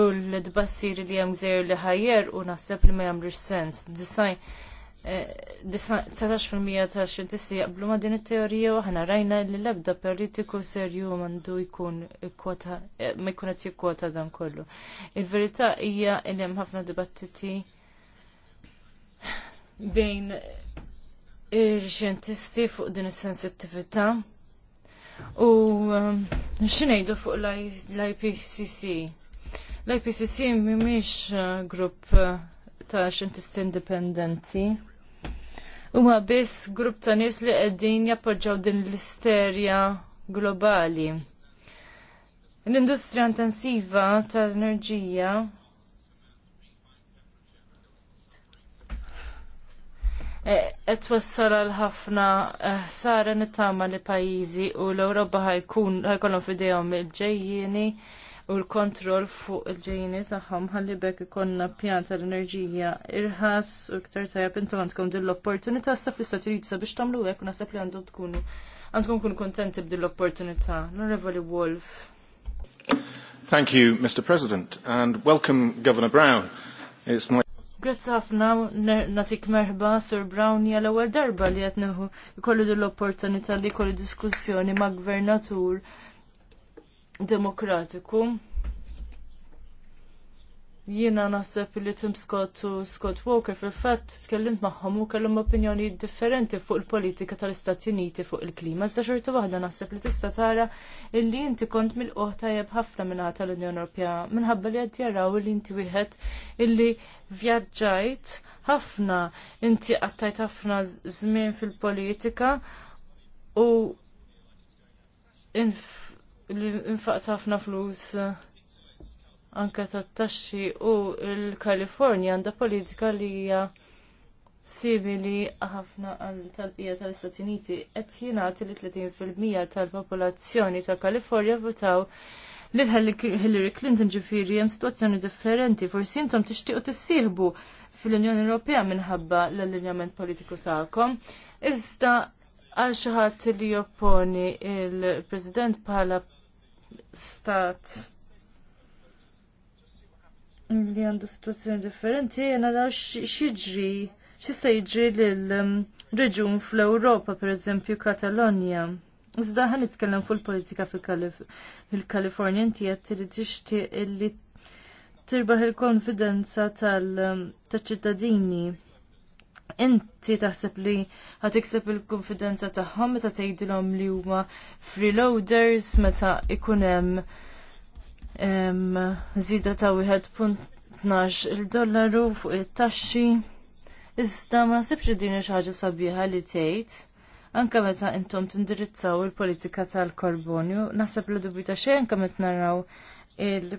U l-tbassir li hemm gżejjer li ħajjer u naħseb li ma jagħmlux sens. Design 19% eh, ta' xjentisti jaqblu ma' din it-teorija u ħana rajna li l-ebda politiku serju mandu jkun kwota, eh, ma' jkun għati kwota dan kollu. Il-verita hija li hemm ħafna dibattiti bejn il-xjentisti fuq din is-sensittività u ehm, xinejdu fuq l-IPCC. L-IPCC mimiex eh, grupp ta' xjentisti indipendenti huma biss grupp ta' nies li qegħdin jappoġġaw din l-isterja globali. L-industrija intensiva tal-enerġija e, qed twassal għal ħafna ħsara nittama li pajjiżi u l-Ewropa ħajkun ħajkollhom f'idejhom il-ġejjieni. il ġejjieni u l-kontroll fuq il-ġejni tagħhom ħalli bekk ikonna pjan tal-enerġija irħas u iktar tajab intom għandkom din l-opportunità sa fl-Istati Uniti sabiex tagħmlu hekk u nasab li għandhom tkunu għandkom kun kontenti b'dill-opportunità. l Onorevoli Wolf. Thank you, Mr. President, and welcome, Governor Brown. It's my Grazzi ħafna nasik merħba Sir Brown l ewwel darba li qed neħu jkollu din l-opportunità li jkollu diskussjoni ma' gvernatur demokratiku. Jiena naħseb li Tim Scott u Scott Walker fil-fatt tkellimt magħhom u kellhom opinjoni differenti fuq il-politika tal-Istati Uniti fuq il-klima. Iżda wahda waħda naħseb li tista' tara illi inti kont mil qoħ tajjeb ħafna minna tal-Unjoni Europea minħabba li qed jaraw li inti wieħed illi vjaġġajt ħafna inti qattajt ħafna żmien fil-politika u inf li infaqt ħafna flus eh, anka tat-taxxi u l-Kalifornja għandha politika li hija simili ħafna għal tal-qija tal-Istati Uniti qed jingħati li 30% tal-popolazzjoni ta' Kalifornja votaw lil Hillary Clinton ġifieri hemm sitwazzjoni differenti forsi intom tixtiequ tissieħbu fil-Unjoni Ewropea minħabba l-allinjament politiku tagħkom. Iżda għal xi ħadd li jopponi il-President bħala stat li għandu situazzjoni differenti, jena da xieġri, xista jieġri l-reġun um, fl-Europa, per eżempju Katalonja. Iżda ħan nitkellem fuq il-politika fil kalifornia inti qed li tixtieq li tirbaħ il-konfidenza tal-ċittadini. Um, inti taħseb li ħatikseb il-konfidenza tagħhom meta tgħidilhom li huma freeloaders meta ikun hemm żieda ta' wieħed punt il-dollaru fuq it-taxxi. Iżda ma sibx li din ħaġa sabiħa li tgħid. Anke meta intom tindirizzaw il-politika tal-karbonju, naħseb li dubita xejn kemm qed naraw il-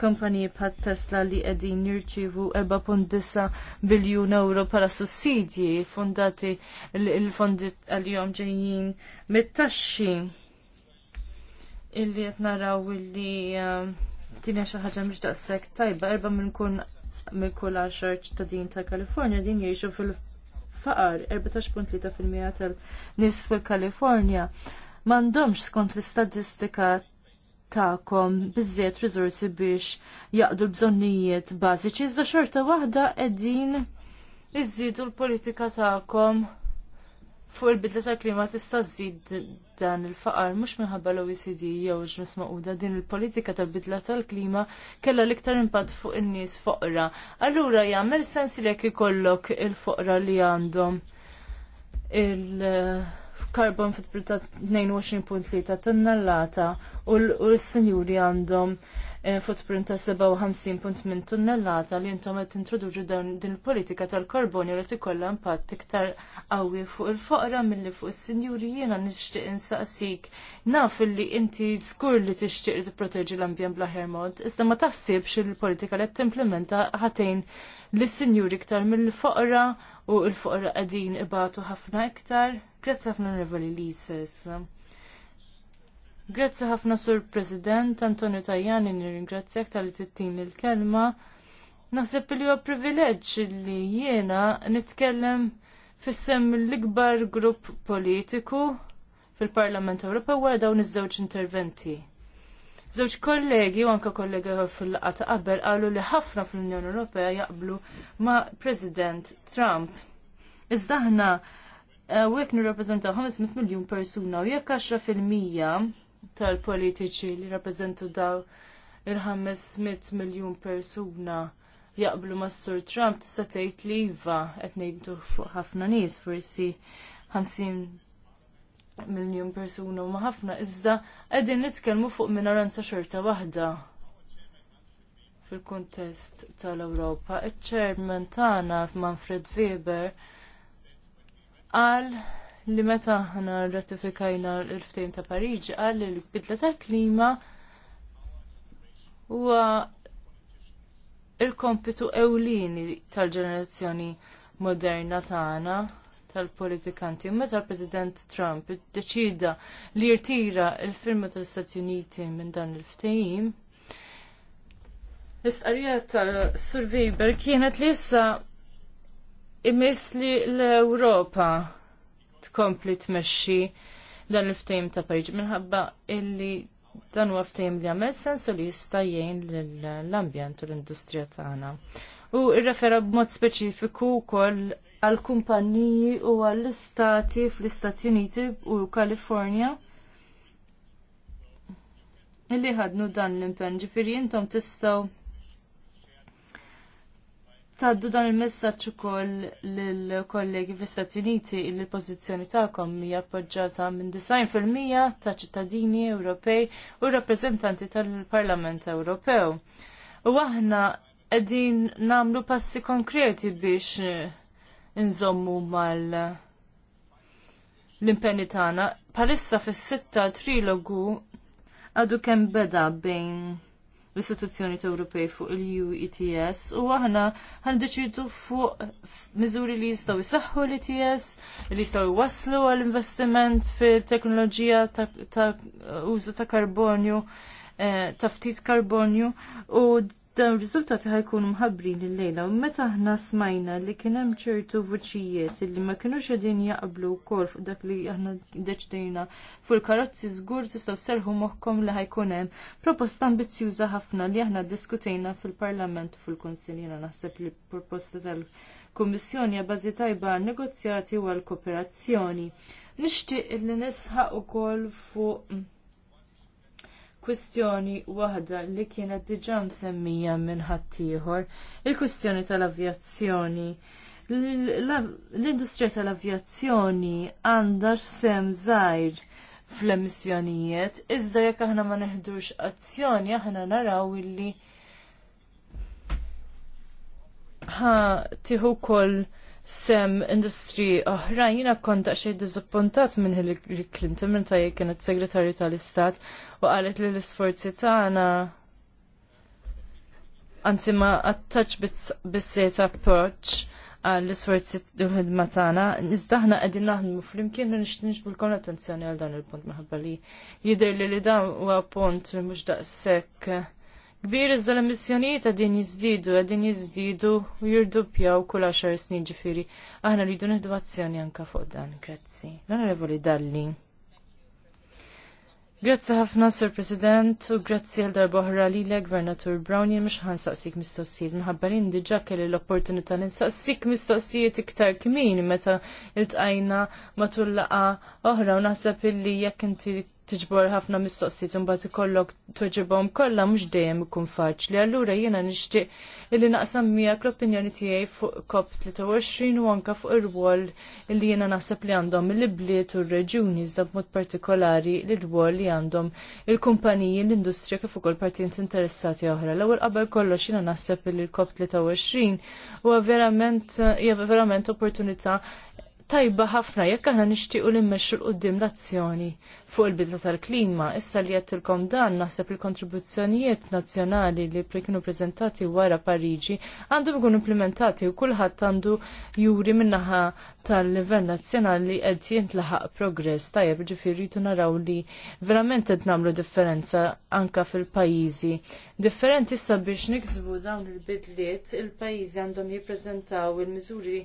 kumpaniji bħat Tesla li qegħdin jirċievu 4.9 biljun euro bħala sussidji fundati l-fondi għal-jom ġejjin mit-taxxi illi qed naraw illi um, din hija xi ħaġa mhix daqshekk tajba erba' minn kun kull għaxar din ta' Kalifornja din jgħixu fil-faqar 14.3% tal-nies fil-Kalifornja. M'għandhomx skont l-istatistika ta'kom bizziet rizorsi biex jaqdu l-bżonnijiet bażiċi iżda xorta waħda qegħdin iżidu l-politika ta'kom fuq il-bidla tal-klima tista' żid dan il-faqar mhux minħabba l-OECD jew ġnus maquda din il-politika tal-bidla tal-klima kellha l-iktar impatt fuq in-nies foqra. Allura jagħmel sens li jekk ikollok il-foqra li għandhom il- carbon footprint ta' 22.3 tonnellata u l-sinjuri għandhom eh, footprint ta' 57.8 tonnellata li intom qed introduġu din il-politika tal-karbonju li tikollha impatt iktar qawwi fuq il-foqra milli fuq is-sinjuri jiena nixtieq insaqsik naf li inti skur li tixtieq li t-proteġi l-ambjent bl-aħjar mod, iżda ma taħsibx il-politika li qed timplementa ħatejn lis-sinjuri iktar mill-foqra u l-foqra qegħdin ibatu ħafna iktar. Grazzi ħafna Revoli Lises. Grazzi ħafna Sur President Antonio Tajani nirringrazzjak tal-li tittin il-kelma. Naħseb li huwa privileġġ li jiena nitkellem fissem l-ikbar grupp politiku fil-Parlament Ewropew wara dawn iż-żewġ interventi. Żewġ kollegi u anke kollegi fil laqat qabel qalu li ħafna fl-Unjoni Ewropea jaqblu ma' President Trump. Iżda u jekk nirrappreżentaw 500 miljun persuna u jekk 10% tal-politiċi li rappreżentu daw il-500 miljun persuna jaqblu mas-Sur Trump tista' tgħid li iva qed ngħidu fuq ħafna nies forsi 50 miljun persuna huma ħafna iżda qegħdin nitkellmu fuq minoranza xorta waħda fil-kuntest tal-Ewropa. Iċ-ċermen tagħna Manfred Weber qal li meta ħana ratifikajna l-ftejm ta' Pariġi qal li l-bidla ta' klima huwa il-kompitu ewlieni tal-ġenerazzjoni moderna tagħna tal-politikanti. Meta l-President Trump iddeċida li jirtira il-firma tal-Istati Uniti minn dan il-ftehim, l-istqarrija tal-Survivor kienet li issa imis li l-Ewropa tkompli tmexxi dan il ftajm ta' Parigi minħabba illi dan huwa ftajm li għamel sens li jista' jgħin l-ambjent u l-industrija tagħna. U rrefera b'mod speċifiku wkoll għall kumpaniji u għall-istati fl-Istati Uniti u Kalifornija illi ħadnu dan l-impenn ġifieri intom tistgħu taddu dan il-messaġġ ukoll lill-kollegi fl-Istati Uniti li l-pożizzjoni tagħkom hija appoġġjata minn 90% ta' ċittadini Ewropej u rappreżentanti tal-Parlament Ewropew. U aħna qegħdin nagħmlu passi konkreti biex inżommu mal l-impenni tagħna. Palissa fis-sitta trilogu għadu kemm beda bejn l-istituzzjoni Ewropej fuq il uets u aħna deċidu fuq miżuri li jistaw jisaxħu l-ETS, li jistaw jwaslu għal-investiment fil-teknoloġija ta' użu ta' karbonju, eh, ta' ftit karbonju u dan ir-riżultati ħajkunu mħabbrin illejla u meta aħna smajna li kien hemm ċertu vuċijiet li ma kinux qegħdin jaqblu wkoll fuq dak li aħna deċdejna fuq il-karozzi żgur tistgħu serħu moħħkom li ħajkun hemm proposta ambizzjuża ħafna li aħna ddiskutejna fil-Parlament u fil-Kunsill jiena naħseb li proposta tal-Kummissjoni bażi tajba negozjati u għall-kooperazzjoni. Nixtieq li nisħaq ukoll fuq kwistjoni waħda li kienet diġà msemmija minn ħaddieħor, il-kwistjoni tal-avjazzjoni. L-industrija tal-avjazzjoni għandha sem żgħir fl-emissjonijiet, iżda jekk aħna ma neħdux azzjoni aħna naraw illi ħa tieħu koll sem industri oħra, jina kont xej dizappuntat minn Hillary Clinton minn tajja kienet segretarju tal-Istat u għalet li l-isforzi tagħna anzi ma għattaċ bis-sejt approach għal l-isforzi ta' ħidma tagħna, għedin naħdmu qegħdin naħdmu flimkien u nixtinġbu l-kon attenzjoni għal dan il-punt minħabba li li li dan huwa punt mhux daqshekk kbir iżda l-emissjonijiet għadin jizdidu, għadin jizdidu u jirdupjaw kull 10 snin ġifiri. Aħna rridu nieħdu azzjoni anka fuq dan, grazzi. L-onorevoli Dalli. Grazzi ħafna, Sir President, u grazzi għal darboħra li l Gvernatur Brownie mux ħansaqsik mistoqsijiet, minħabba diġa kelli l-opportunità li nsaqsik mistoqsijiet iktar kmin meta il tajna matul laqa oħra u naħseb illi jekk inti tiġbor ħafna mistoqsijiet imbagħad ikollok toġibhom kollha mhux dejjem ikun faċli. Allura jiena nixtieq illi naqsam miegħek l-opinjoni tiegħi fuq COP23 u anke fuq ir-rwol li jiena naħseb li għandhom il-bliet u r-reġuni iżda b'mod partikolari l-rwol li għandhom il-kumpaniji l-industrija kif ukoll partijiet interessati oħra. L-ewwel qabel kollox jiena naħseb li l-COP23 huwa verament hija verament opportunità tajba ħafna jekk aħna nixtiequ li mmexxu l qudiem l-azzjoni fuq il-bidla tal-klima. Issa li għattilkom dan naħseb il-kontribuzzjonijiet nazzjonali li kienu prezentati wara Pariġi għandhom ikunu implementati u kulħadd għandu juri minnaħa tal-livell nazzjonali qed jintlaħaq progress tajjeb ġifieri tu naraw li verament qed nagħmlu differenza anka fil-pajjiżi. Differenti issa biex niksbu dawn il-bidliet, il-pajjiżi għandhom jippreżentaw il-miżuri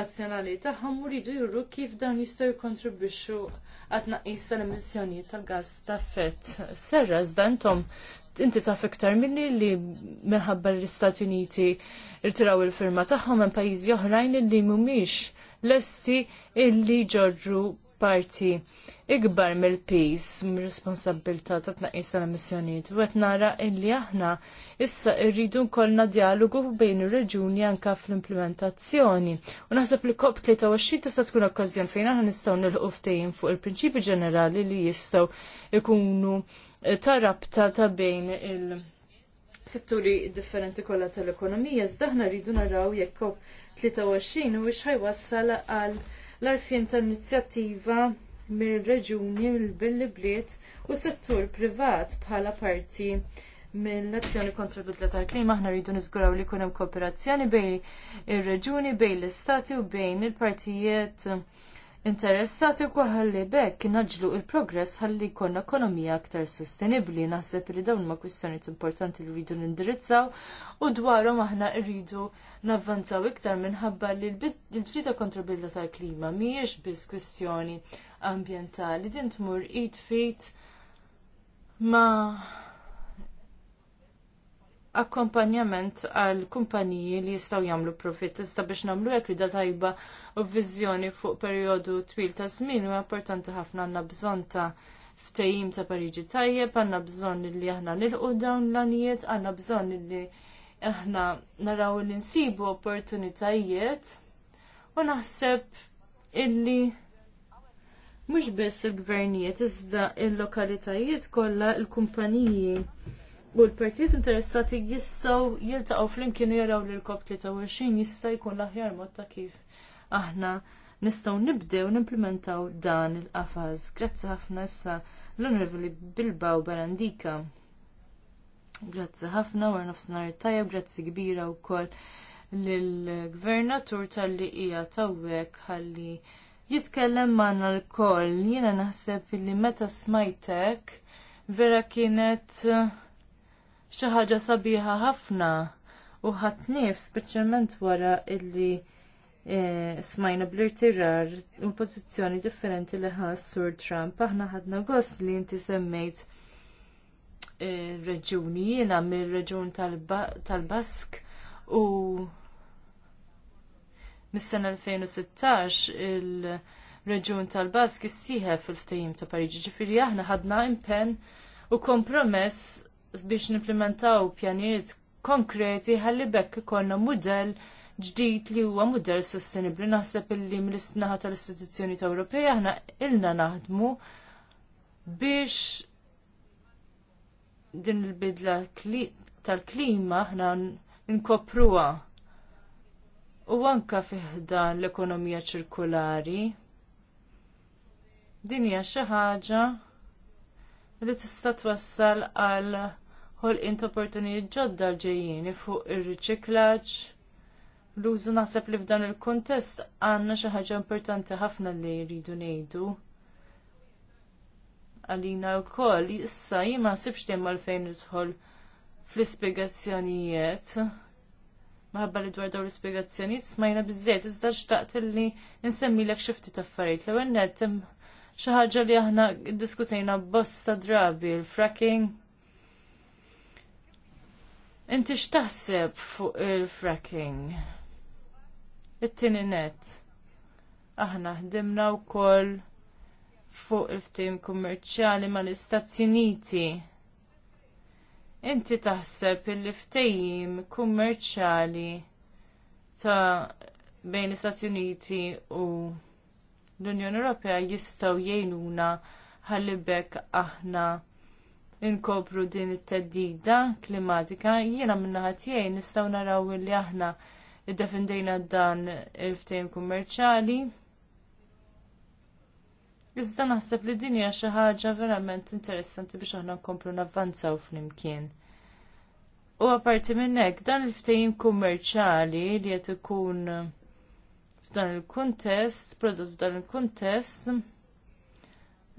nazzjonali tagħhom u jridu jurru kif dawn jistgħu jikkontribwixxu għatnaqis tal-emissjoni tal-gas ta' fett. Serra, zdantom, inti taf iktar minni li minħabba l-Istati Uniti irtiraw il-firma tagħhom minn pajjiżi oħrajn li mhumiex lesti illi ġorru parti ikbar mill-pis, mir-responsabilta ta' tnaqqis tal-emissjonijiet. U għet nara illi aħna issa rridu nkollna dialogu bejn ir-reġuni anke fl-implementazzjoni. U naħseb li COP23 tista' tkun okkażjon fejn aħna nistgħu nilħu ftehim fuq il-prinċipi ġenerali li jistgħu ikunu eh, ta' rabta ta' bejn il- setturi differenti kollha tal-ekonomija, iżda aħna rridu naraw jekk COP23 u wix ħajwassal għal l-arfien tal-inizjattiva mill-reġuni mill-billi bliet u settur privat bħala parti mill-azzjoni kontra l-bidla tal-klima aħna rridu niżguraw li jkun hemm kooperazzjoni bejn ir-reġuni, bejn l-istati u bejn il-partijiet interessati u li bekk naġlu l progress ħalli jkollna ekonomija aktar sostenibbli. Naħseb li dawn ma kwistjonijiet importanti li rridu nindirizzaw u dwarhom aħna rridu navvanzaw iktar minħabba li l-ġrida kontra bidla tal-klima mhijiex biss kwistjoni ambjentali din tmur id fit ma' akkompanjament għal kumpaniji li jistgħu jagħmlu profitt. Iżda biex nagħmlu hekk rida tajba u viżjoni fuq perjodu twil ta' żmien huwa importanti ħafna għandna bżonn ta' ftehim ta' Pariġi tajjeb, għandna bżonn li aħna nilqu dawn l-anijiet, għandna bżonn li aħna naraw li nsibu opportunitajiet u naħseb illi mhux biss il-gvernijiet iżda il-lokalitajiet kollha il-kumpaniji il lokalitajiet kollha il kumpaniji U l-partijiet interessati jistgħu jiltaqgħu flimkien jaraw li l-COP23 jista' jkun l-aħjar mod ta' kif aħna nistgħu nibdew nimplementaw dan il-qafas. Grazzi ħafna issa l-Onorevoli Bilbaw Barandika. Grazzi ħafna war nofsinhar tajjeb, grazzi kbira wkoll lill-Gvernatur tal-li hija tawwek ħalli jitkellem manna l-koll. Jiena naħseb li meta smajtek vera kienet xi ħaġa sabiħa ħafna u ħatnif speċjalment wara illi e, smajna bl u pożizzjoni differenti li ħas sur Trump. Aħna ħadna gost li inti semmejt e, reġuni jiena mir-reġun tal-Bask u mis-sena 2016 il- reġun tal-Bask jissiħe fil ftajim ta' Pariġi. Ġifiri aħna ħadna impenn u kompromess biex nimplementaw pjanijiet konkreti ħalli bekk ikollna mudell ġdid li huwa mudell sostenibbli naħseb illi mill-istnaħa tal-istituzzjoni ta' Ewropea aħna ilna naħdmu biex din il-bidla tal-klima aħna nkopruha u anke fiħda l-ekonomija ċirkulari. Din hija xi ħaġa li tista' twassal għal ħolqien ta' opportunijiet ġodda ġejjin fuq ir-riċiklaġġ. L-użu naħseb li f'dan il-kuntest għandna xi ħaġa importanti ħafna li jridu ngħidu. Għalina wkoll issa jien ma nsibx li għalfejn nidħol fl-ispjegazzjonijiet. Maħabba li dwar dawn l-ispjegazzjonijiet smajna biżżejjed iżda xtaqt li nsemmilek xi ftit affarijiet. L-ewwel xi ħaġa li aħna ddiskutejna bosta drabi, l fracking Inti x'taħseb fuq il-fracking? It-tieni net. Aħna ħdimna wkoll fuq il-ftim kummerċjali mal-Istati Uniti. Inti taħseb il ftim kummerċjali ta' bejn l-Istati Uniti u l-Unjoni Ewropea jistgħu jgħinuna ħalli bekk aħna inkopru din it-teddida klimatika, jiena minnaħat jgħin nistgħu naraw li aħna id-defendejna dan il-ftejn kummerċali. Iżda naħseb li din hija xi ħaġa verament interessanti biex aħna nkomplu navvanzaw flimkien. U apparti minn hekk dan il-ftejn kummerċali li qed ikun f'dan il-kuntest, prodott f'dan il-kuntest,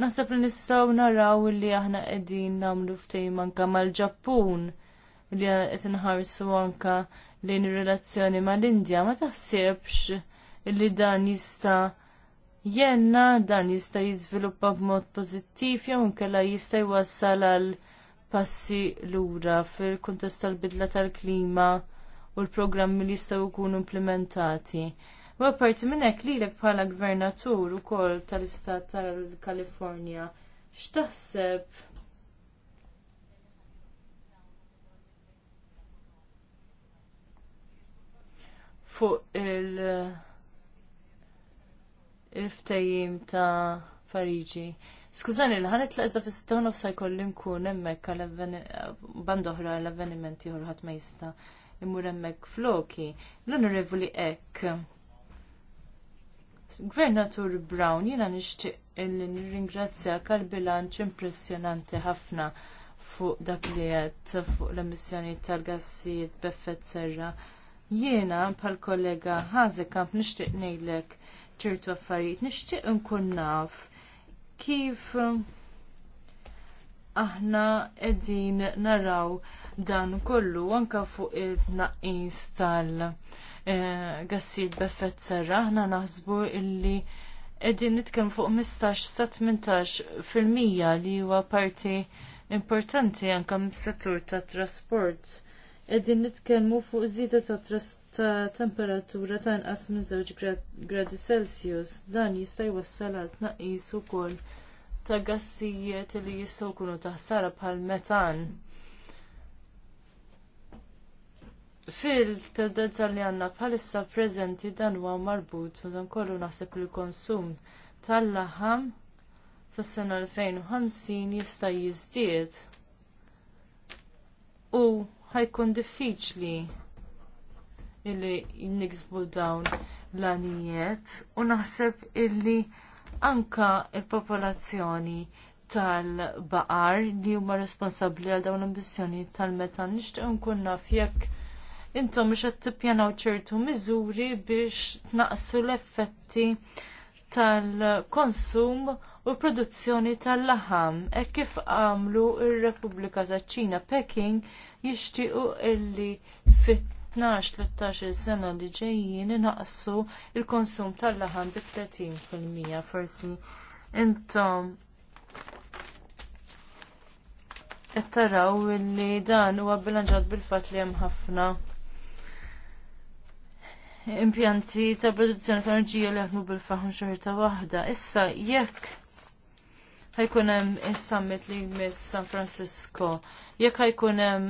Naħseb li nistgħu naraw li aħna qegħdin nagħmlu ftehim anke mal-Ġappun li qed inħarsu anke lejn ir-relazzjoni mal-Indja ma taħsibx li dan jista' jenna dan jista' jiżviluppa b'mod pożittiv jew inkella jista' jwassal għal passi lura fil-kuntest tal-bidla tal-klima u l-programmi li jistgħu jkunu implementati. Ma parti minn hekk lilek bħala gvernatur ukoll tal-Istat tal-Kalifornja, x'taħseb fuq il- il-ftajim ta' Pariġi. Skużani, l-ħanet laqza fi sittawna f'sajkolli nkun emmek bandoħra l-avvenimenti uħruħat ma jista imur emmek floki. L-onorevoli ek. Gvernatur Brown, jiena nixtieq illi nirringrazzjak għall bilanċ impressjonanti ħafna fuq dak li għed fuq l-emissjoni tal-gassijiet b'effett serra. Jiena pal kollega kamp nixtieq ngħidlek ċertu affarijiet, nixtieq nkun naf kif aħna qegħdin naraw dan kollu anke fuq it tnaqqis tal- Eh, gassijiet b'effett serra, aħna naħsbu illi qegħdin nitkem fuq 15 sa 18 fil-mija li huwa parti importanti anke mis-settur tat trasport. Qegħdin nitkellmu fuq zida ta' ta' temperatura ta' inqas minn 2 gradi Celsius dan jista' jwassal għal tnaqqis ukoll ta' gassijiet li jistgħu jkunu taħsara bħal metan fil-tendenza li għandna bħalissa preżenti dan huwa marbut u dan kollu naħseb il-konsum tal-laħam sas-sena 2050 jista' jiżdied u ħajkun diffiċli illi niksbu dawn l-anijiet u naħseb illi anka l popolazzjoni tal-baqar li huma responsabbli għal dawn l-ambizjoni tal-metan nixtieq nkun naf jekk intom biex qed tippjanaw ċertu miżuri biex tnaqsu l-effetti tal-konsum u produzzjoni tal-laħam. E kif għamlu r repubblika taċ ċina Peking jixtiequ illi fit-12-13 sena li ġejjin inaqsu l konsum tal-laħam bi 30% fil-mija forsi intom qed taraw illi dan huwa bilanċat bil-fatt li hemm ħafna impjanti ta' produzzjoni ta' enerġija li jaħdmu bil-faħm xorta waħda. Issa jekk ħajkunem hemm is-summit li jmiss San Francisco, jekk ħajkunem hemm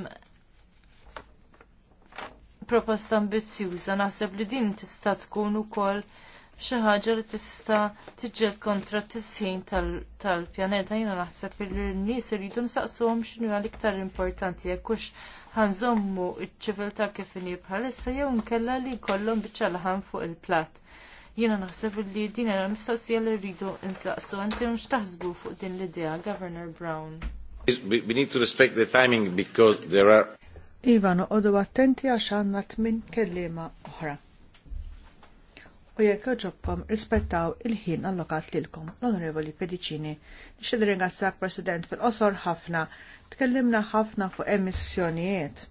proposta ambizjuża naħseb li din tista' tkun ukoll xi ħaġa li tista' tiġġel kontra t-tisħin tal-pjaneta jiena naħseb li n-nies iridu nsaqsuhom x'inhu l-iktar importanti jekk hux ħanżommu ċ-ċiviltà kif inhi bħalissa jew nkella li jkollhom biċċa ħan fuq il-platt. Jiena naħseb li din era mistoqsija li rridu insaqsu għandhom mhux taħsbu fuq din l-idea, Governor Brown. We need to respect the timing because there are Iva, noqogħdu attenti għax għandna tmien kelliema oħra. U jekk ġobkom rispettaw il-ħin allokat lilkom, l-Onorevoli Pedicini. Nixtieq ringrazzjak President fil-qosor ħafna Tkellimna ħafna fuq emissjonijiet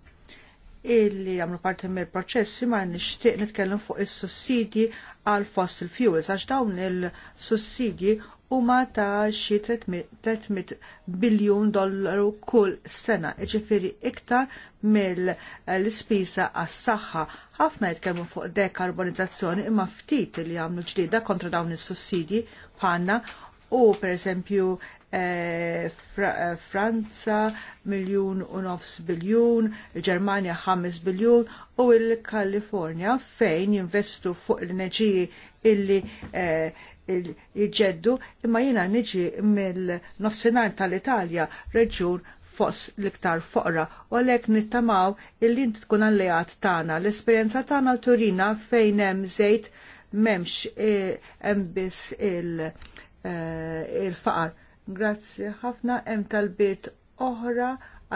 illi għamlu parti mill proċessi ma nixtieq nitkellem fuq is-sussidji għal fossil fuels għax dawn il-sussidji huma ta' xi 300 biljun dollaru kull sena, ġifieri iktar mill ispiża għas-saħħa. Ħafna jitkellmu fuq dekarbonizzazzjoni imma ftit li għamlu ġdida kontra dawn is-sussidji bħalna u pereżempju Eh, eh, Franza miljun u nofs biljun, il-Ġermanja 5 biljun u il-Kalifornja fejn jinvestu fuq l-enerġiji illi jġeddu eh, imma jina niġi mill-nofsinhar tal-Italja reġjun fos l-iktar foqra u għalhekk nittamaw illi inti tkun alleat tagħna. L-esperjenza tagħna turina fejn hemm żejt m'hemmx hemm biss il-faqar. Grazzi ħafna hemm talbiet oħra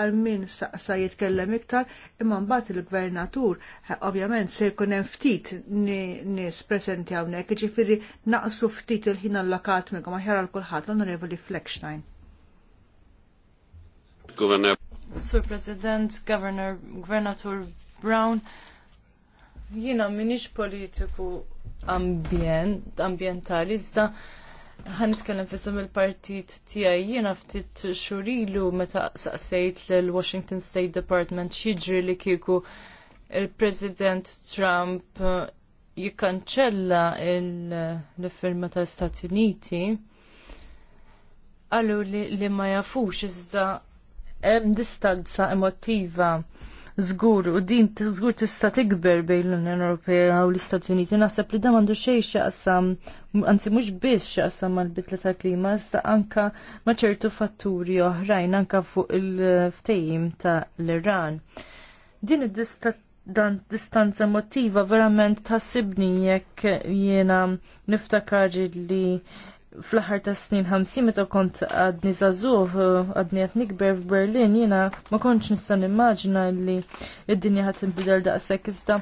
għal min sa jitkellem iktar imma mbagħad il-gvernatur eh, ovvjament se jkun hemm ftit nies preżenti hawnhekk, jiġifieri naqsu ftit il-ħin allokat minnkom aħjar għal kulħadd l-Onorevoli Fleckstein. Sur President, Governor, Gvernatur Brown, jina minix politiku ambjent, ambientali, iżda ħan nitkellem fissum il-partit tiegħi jiena ftit xurilu meta saqsejt l-Washington State Department xiġri li kieku il-President Trump jikkanċella l-firma ta' stati Uniti. Għallu li, li ma jafux iżda hemm distanza emotiva żgur u din żgur tista' tikber bejn l-Unjoni Ewropea u l-Istati Uniti. Naħseb li dan għandu xejn x'aqsam, anzi mhux biss x'jaqsam mal bitla tal-klima, iżda anka ma' ċertu fatturi oħrajn anka fuq il-ftejim ta' l-Iran. Din id dan distanza emotiva verament tasibni jekk jiena niftakar li fl-ħar ta' snin 50 meta kont għadni zazuh, għadni għad nikber f'Berlin, jina ma kontx nistan immaġina li id-dinja ħat nbidel daqshekk iżda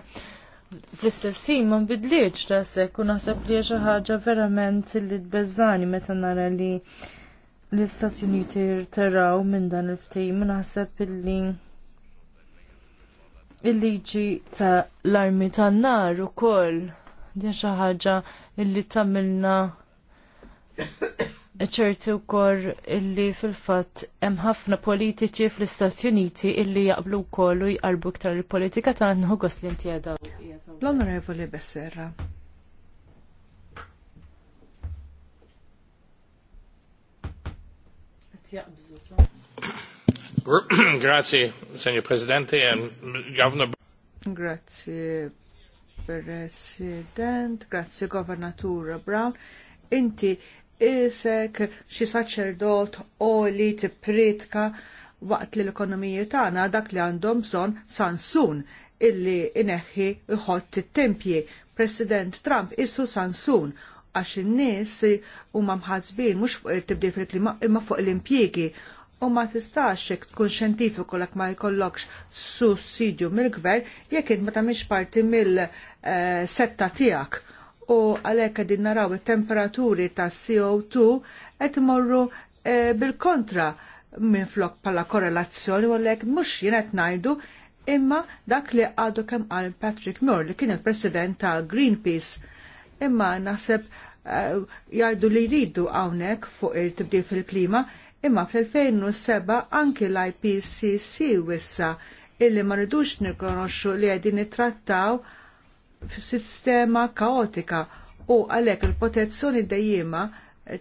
fl-istess ħin ma nbidliċ daqshekk u naħseb li xi ħaġa verament li tbeżani meta nara li l-Istati Uniti rteraw minn dan il-ftehim u naħseb illi il-liġi ta' l-armi tan-nar ukoll din xi ħaġa illi tamilna ċertu kor illi fil-fat hemm ħafna politiċi fl-Istati Uniti illi jaqblu wkoll u jqarbu ktar il-politika tagħna għos li inti L-Onorevoli Besserra. Grazie, Signor Presidente, and e, mm, Governor. Grazie, President, grazie, Governatura Brown. Inti isek xi saċerdot o li tippritka waqt li l-ekonomiji tagħna dak li għandhom bżonn Sansun illi ineħħi iħott it-tempji. President Trump issu Sansun għax in-nies huma mħasbin mhux fuq it-tibdil fil-klima imma fuq l-impjiegi u ma tistax jekk tkun xjentifiku lek ma jkollokx sussidju mill-gvern jekk int ma tagħmilx parti mill-setta eh, tiegħek u għalhekk qegħdin naraw it-temperaturi ta' CO2 qed imorru e, bil-kontra minn flok pala korrelazzjoni u għalhekk mhux jien qed ngħidu imma dak li għadu kemm għal Patrick Moore li kien il-president ta' Greenpeace. Imma naħseb e, jgħidu li jridu hawnhekk fuq il-tibdil fil-klima imma fl-2007 anki l-IPCC wissa illi ma rridux nirkonoxxu li qegħdin nittrattaw f'sistema kaotika u għalhekk il-protezzjoni dejjima eh,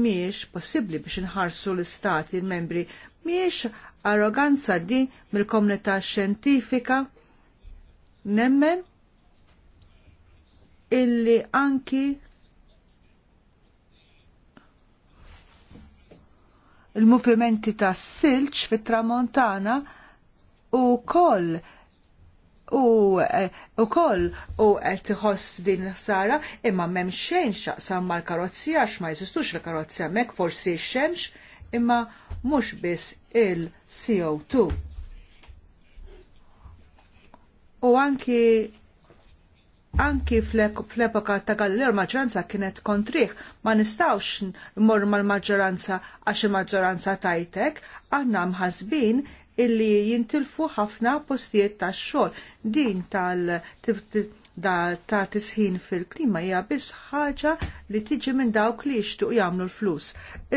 miex possibbli biex inħarsu l-istati membri miex arroganza din mill-komunità xjentifika nemmen illi anki il-movimenti ta' silċ fit tramontana u koll u wkoll eh, u qed iħoss din sara ħsara imma m'hemm xejn x'aqsam mal-karozzi għax ma jesistux il-karozzi hemmhekk forsi xemx imma mhux biss il-CO2. U anki anki fl-epoka ta' Galileo l-maġġoranza kienet kontriħ, ma nistawx mor mal-maġġoranza għax il-maġġoranza tajtek, għanna mħasbin illi jintilfu ħafna postijiet tax xogħol. Din tal da ta' tisħin fil-klima hija biss ħaġa li tiġi minn dawk li jixtuq jagħmlu l-flus.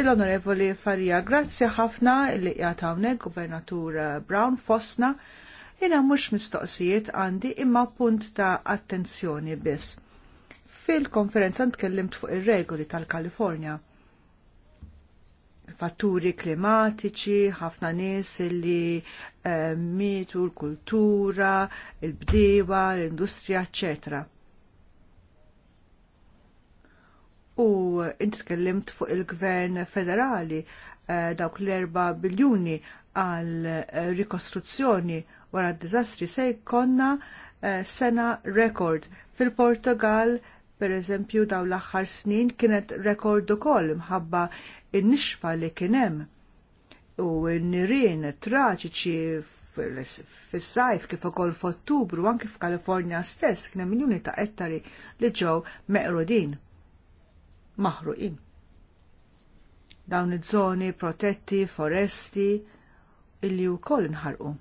Il-Onorevoli Farija, grazzi ħafna li qiegħed hawnhekk Guvernatur Brown Fosna. Jiena mhux mistoqsijiet għandi imma punt ta' attenzjoni biss. Fil-konferenza tkellimt fuq ir-regoli tal-Kalifornja fatturi klimatiċi, ħafna nies li eh, mitu l-kultura, il-bdiewa, l-industrija, eċetera. U inti tkellimt fuq il-gvern federali eh, dawk l-4 biljuni għal eh, rikostruzzjoni wara d-diżastri se jkollna sena rekord fil-Portugal pereżempju dawn l-aħħar snin kienet rekord ukoll imħabba in-nixfa li kien hemm u n-nirien traġiċi fis-sajf kif ukoll f'Ottubru anke f'Kalifornja stess kien hemm miljuni ta' ettari li ġew meqrudin maħruqin. Dawn iż-żoni protetti, foresti, illi wkoll inħarqu.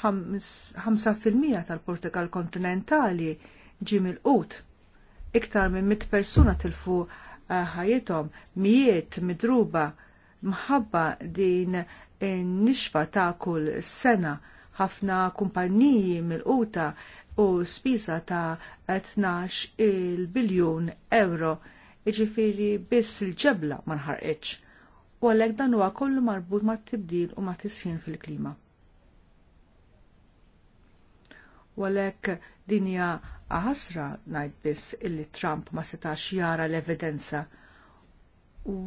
5% tal-Portugal kontinentali ġie il qut iktar minn mit persuna tilfu eh, ħajetom mijiet midruba mħabba din nixfa ta' kull sena ħafna kumpanniji mill-quta u spisa ta' 12 il-biljun euro iġifiri biss il-ġebla ma nħarqitx. U għalhekk dan huwa kollu marbut ma' tibdil u ma' tisħin fil-klima. U għalhekk Din hija ħasra ngħid biss illi Trump ma setax jara l-evidenza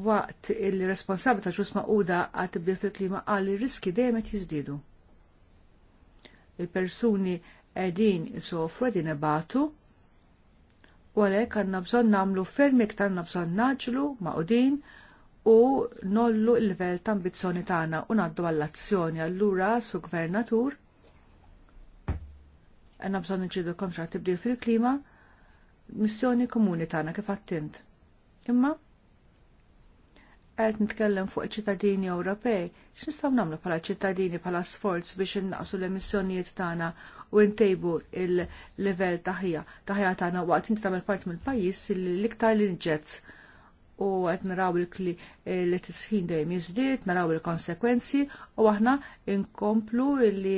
waqt il-responsabli ta' ġus maquda għat tibdil fil-klima għalli riski dejjem qed jiżdiedu. Il-persuni qegħdin isofru qegħdin ebatu, u għalhekk għandna bżonn nagħmlu fermi iktar għandna bżonn naġlu maqudin u nollu l-livell ta' ambizzjoni tagħna u ngħaddu għall-azzjoni allura su gvernatur għanna bżon nġidu kontrat tibdil fil-klima, missjoni komuni tagħna kif għattint. Imma, għed nitkellem fuq ċittadini Ewropej, x'nistgħu nagħmlu bħala ċittadini bħala sforz biex innaqsu l-emissjonijiet tagħna u ntejbu il-level taħija taħja tagħna waqt inti tagħmel parti mill-pajjiż l-iktar li nġezz u qed naraw il-kli li tisħin dejjem jiżdied, naraw il-konsekwenzi u aħna inkomplu li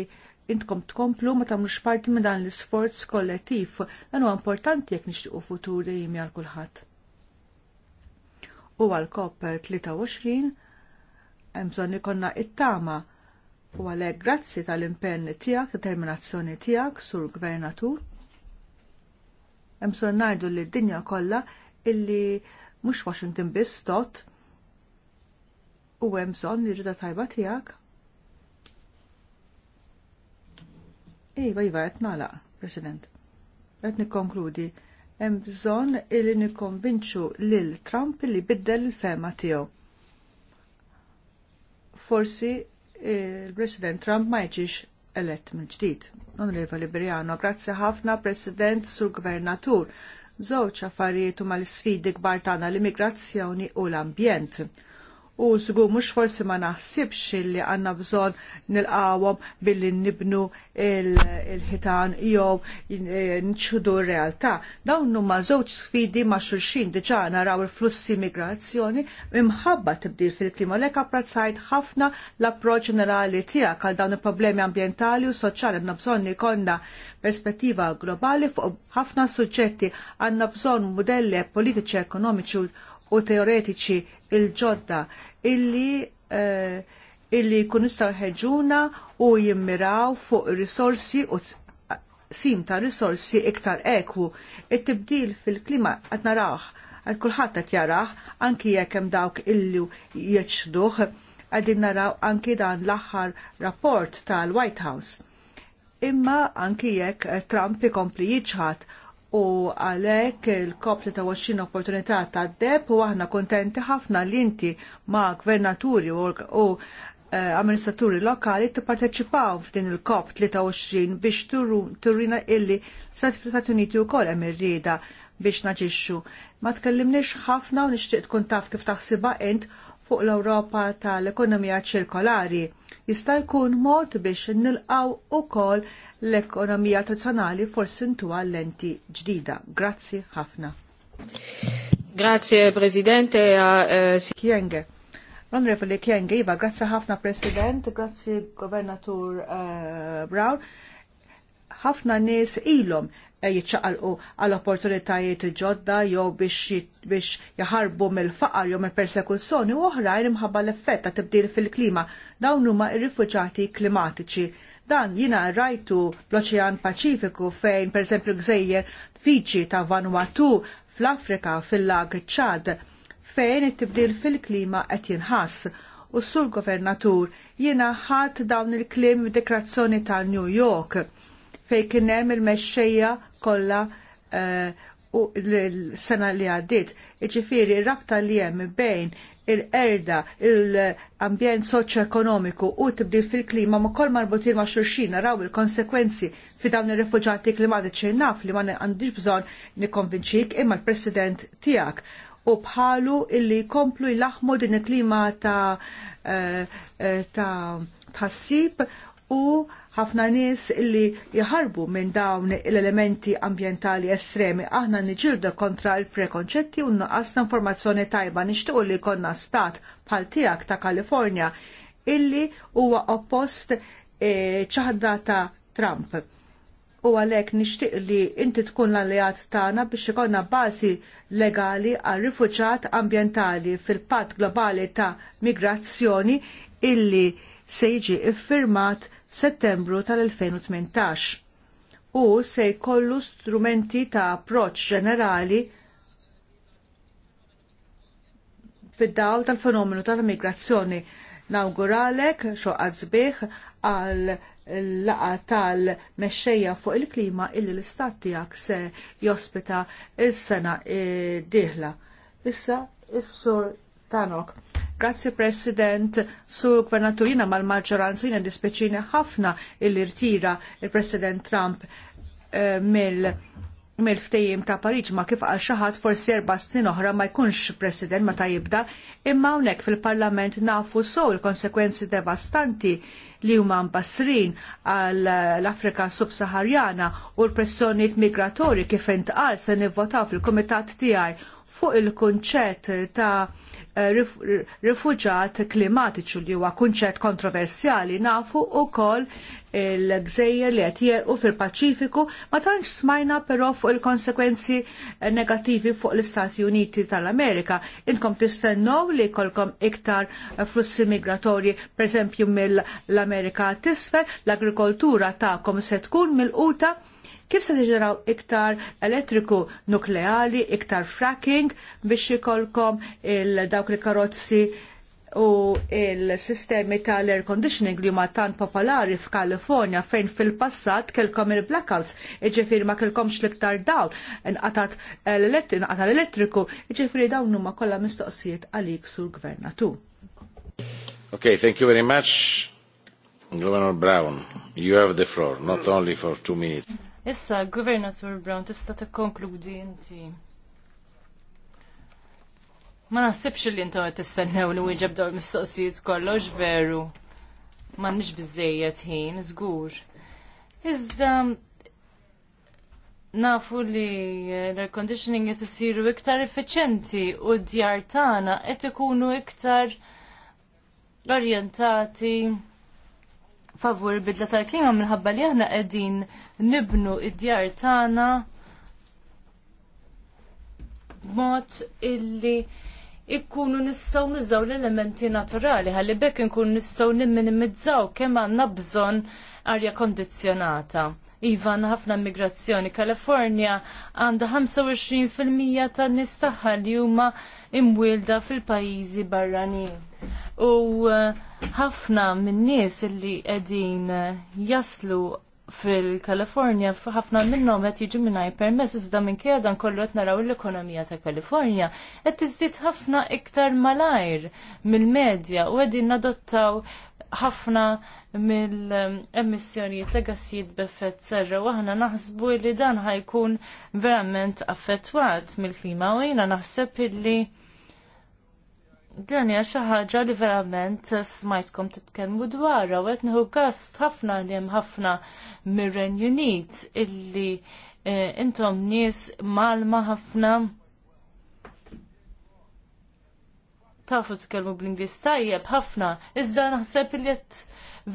intkom tkomplu ma tagħmlux parti minn dan l-isforz kollettiv dan huwa importanti jekk nixtiequ futur dejjem għal kulħadd. U għal COP 23 hemm bżonn ikollna it-tama u għalhekk grazzi tal-impenn tiegħek, determinazzjoni tiegħek sur gvernatur. Hemm bżonn ngħidu li d-dinja kollha illi mhux Washington biss tot u hemm bżonn li tajba tiegħek Iva, iva, qed nagħlaq, President. Qed nikkonkludi. Hemm bżonn illi nikkonvinċu lil Trump li biddel il-fema tiegħu. Forsi il-President Trump ma jiġix elett mill-ġdid. Onorevoli Briano, grazzi ħafna President sur Gvernatur. Żewġ affarijiet huma l-sfidi kbar tagħna l-immigrazzjoni u l-ambjent u żgur mhux forsi ma naħsibx li għandna bżonn nilqawhom billi nibnu il-ħitan il jew eh, nċudu r-realtà. Dawn huma żewġ sfidi ma' xulxin diġà naraw il-flussi migrazzjoni imħabba tibdil fil-klima lek apprezzajt ħafna l-approċċ ġenerali tiegħek għal dawn il-problemi ambjentali u soċjali għandna bżonn ikollna perspettiva globali fuq ħafna suġġetti għandna bżonn mudelli politiċi ekonomiċi u teoretiċi il-ġodda illi uh, illi kun ħeġuna u jimmiraw fuq risorsi u sim ta' risorsi iktar ekwu. It-tibdil fil-klima għat narawħ, għat kullħat għat jaraħ, anki jekk hemm dawk illu jieċduħ, għadin naraw anki dan l-aħħar rapport tal-White House. Imma anki jekk Trump ikompli jieċħat u għalek il-kop 20 opportunità ta' deb u aħna kontenti ħafna li inti ma' gvernaturi u eh, amministraturi lokali tipparteċipaw f'din il-kop 23 biex turina illi Stati Uniti u kol hemm irrieda biex naġixxu. Ma tkellimniex ħafna u nixtieq tkun taf kif taħsibha int fuq l-Ewropa tal-ekonomija ċirkolari jista' jkun mod biex nilqaw ukoll l-ekonomija tradizzjonali forsi ntuha lenti ġdida. Grazzi ħafna. Grazie Presidente. Eh, Kienge. L-Onorevoli Kienge, iva, grazzi ħafna President, grazzi Governatur eh, Brown ħafna nies ilhom Eh, jitxaqalqu għal opportunitajiet ġodda jew biex jaħarbu mill-faqar jew mill-persekuzzjoni u oħrajn imħabba l-effett ta' tibdil fil-klima dawn huma r-rifuġati klimatiċi. Dan jina rajtu l-Oċean Paċifiku fejn pereżempju gżejjer Fiji ta' Vanuatu fl-Afrika fil-lag Ċad fejn it-tibdil fil-klima qed jinħass u sur governatur jiena ħadd dawn il-klim dekrazzjoni ta' New York fej kien hemm il-mexxejja kollha eh, l-sena li għaddiet. Iġifiri, rabta li hemm bejn il-erda, il-ambjent soċ-ekonomiku u tibdil fil-klima ma kol marbutin ma xurxina raw il-konsekwenzi fi dawn ir refugġati klimatiċi naf li ma għandix bżon nikonvinċik imma l-president tijak u bħalu illi komplu jlaħmu din il-klima ta' eh, eh, ta' tħassib u ħafna nies illi jħarbu minn dawn l-elementi ambjentali estremi aħna niġildu kontra l-prekonċetti u naqasna informazzjoni tajba nixtiequ li jkollna stat bħal tiegħek ta' Kalifornja illi huwa oppost e, ċaħda ta' Trump. U għalek nixtieq li inti tkun l-alleat tagħna biex ikollna bażi legali għal rifuġat ambjentali fil-patt globali ta' migrazzjoni illi se jiġi iffirmat settembru tal-2018 u se jkollu strumenti ta' approċċ ġenerali fid-dawl tal-fenomenu tal-migrazzjoni. Nawguralek xoqad sbieħ għal laqa tal-mexxejja fuq il-klima illi l-istat tiegħek se jospita il-sena eh, diħla. Issa, is-sur Tanok. Grazzi President, su gvernatur jina mal-maġġoranza jina dispeċina ħafna il-irtira il-President Trump eh, mill mill-ftejim ta' Parigi, ma kif għal xaħat forsi erba' snin oħra ma jkunx president ma ta' jibda, imma hawnhekk fil-Parlament nafu sew il-konsekwenzi devastanti li huma mbassrin għal l-Afrika subsaharjana u l-pressjonijiet migratori kif intqal se nivvotaw fil-kumitat tiegħi fuq il-kunċett ta' Eh, rifuġat klimatiċu li huwa kunċett kontroversjali nafu wkoll il-gżejjer li qed jerqu fil-Paċifiku ma tantx smajna però fuq il-konsekwenzi negattivi fuq l-Istati Uniti tal-Amerika. Inkom tistennew li jkollkom iktar flussi migratorji pereżempju mill-Amerika tisfel, l-agrikoltura tagħkom se tkun mill Kif se tiġraw iktar elettriku nukleali, iktar fracking biex ikolkom il-dawk li karozzi u il-sistemi tal-air conditioning li huma tant popolari f'Kalifornja fejn fil-passat kelkom il-blackouts, iġifieri ma kelkomx l-iktar dawn, inqatat l-elettriku, iġifieri dawn huma kollha mistoqsijiet għalik sur gvernatu. Okay, thank you very much. Governor Brown, you have the floor, not only for two minutes. Issa, Gvernatur Brown, tista' tikkonkludi inti. Ma naħsibx li intom qed tistennew li wieġeb dawn mistoqsijiet kollox veru. M'għandniex biżejjed ħin, żgur. Iżda nafu li l-air conditioning qed isiru iktar effiċenti u d-djar tagħna qed ikunu iktar orjentati favur bidla tal-klima minħabba li aħna qegħdin nibnu id-djar tagħna b'mod illi ikkunu nistgħu nużaw l-elementi naturali ħalli bekk inkunu nistgħu nimminimizzaw kemm għandna bżonn arja kondizzjonata. Iva ħafna migrazzjoni. Kalifornja għandha 25% tan nies tagħha li huma imwielda fil-pajjiżi barranin. U uh, ħafna min-nies li qegħdin uh, jaslu fil-Kalifornja ħafna minnhom qed jiġu mingħajr permess iżda minn dan kollu qed naraw l-ekonomija ta' Kalifornja qed tiżdied ħafna iktar malajr mill-medja u qegħdin nadottaw ħafna mill-emissjonijiet ta' gassijiet b'effett serra u aħna naħsbu li dan ħajkun verament affettwat mill-klima u jiena naħseb illi dan hija xi ħaġa li verament smajtkom titkellmu dwarha u qed nieħu gast ħafna li hemm ħafna mir-Renju Unit illi eh, intom nies malma ħafna tafu tkellmu bl-Inglis tajjeb ħafna, iżda naħseb li jett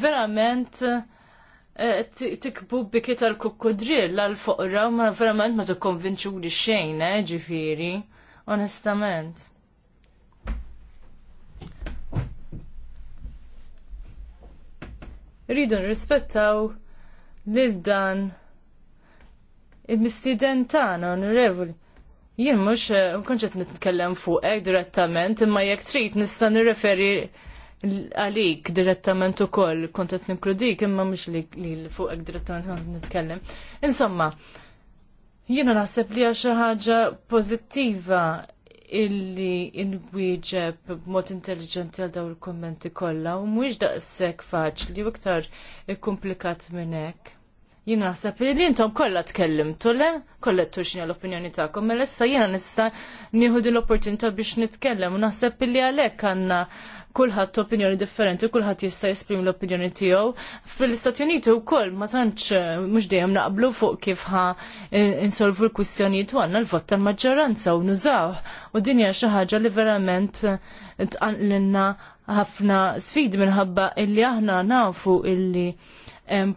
verament eh, tikbu biki tal kukkudril għal foqra ma verament ma t-konvinċu li xejn, eh, ġifiri, onestament. Rridu nirrispettaw lil dan il-mistiden tagħna onorevoli Jien mhux eh, konċet nitkellem fuqek direttament, imma jekk trid nista' nirreferi għalik direttament ukoll kont qed nikludik, imma mhux li fuqek direttament kont nitkellem. Insomma, jiena naħseb li xi ħaġa pożittiva illi inwieġeb b'mod intelligenti għal dawn il-kommenti kollha u mhuwiex daqshekk faċli u iktar ikkumplikat minn hekk. Jina naħseb li intom kollha tkellimtu le, t-tuxni l-opinjoni tagħkom, mela issa jiena nista' nieħu di l-opportunità biex nitkellem u naħseb li għalhekk għandna kulħadd opinjoni differenti, kulħadd jista' jesprim l-opinjoni tiegħu. Fil-Istati Uniti wkoll ma tantx eh, mhux dejjem naqblu fuq kif ħa eh, insolvu l-kwistjonijiet u għanna l-vot tal-maġġoranza u nużaw. U din hija xi ħaġa li verament eh, tqanqlilna ħafna sfid minħabba illi aħna nafu illi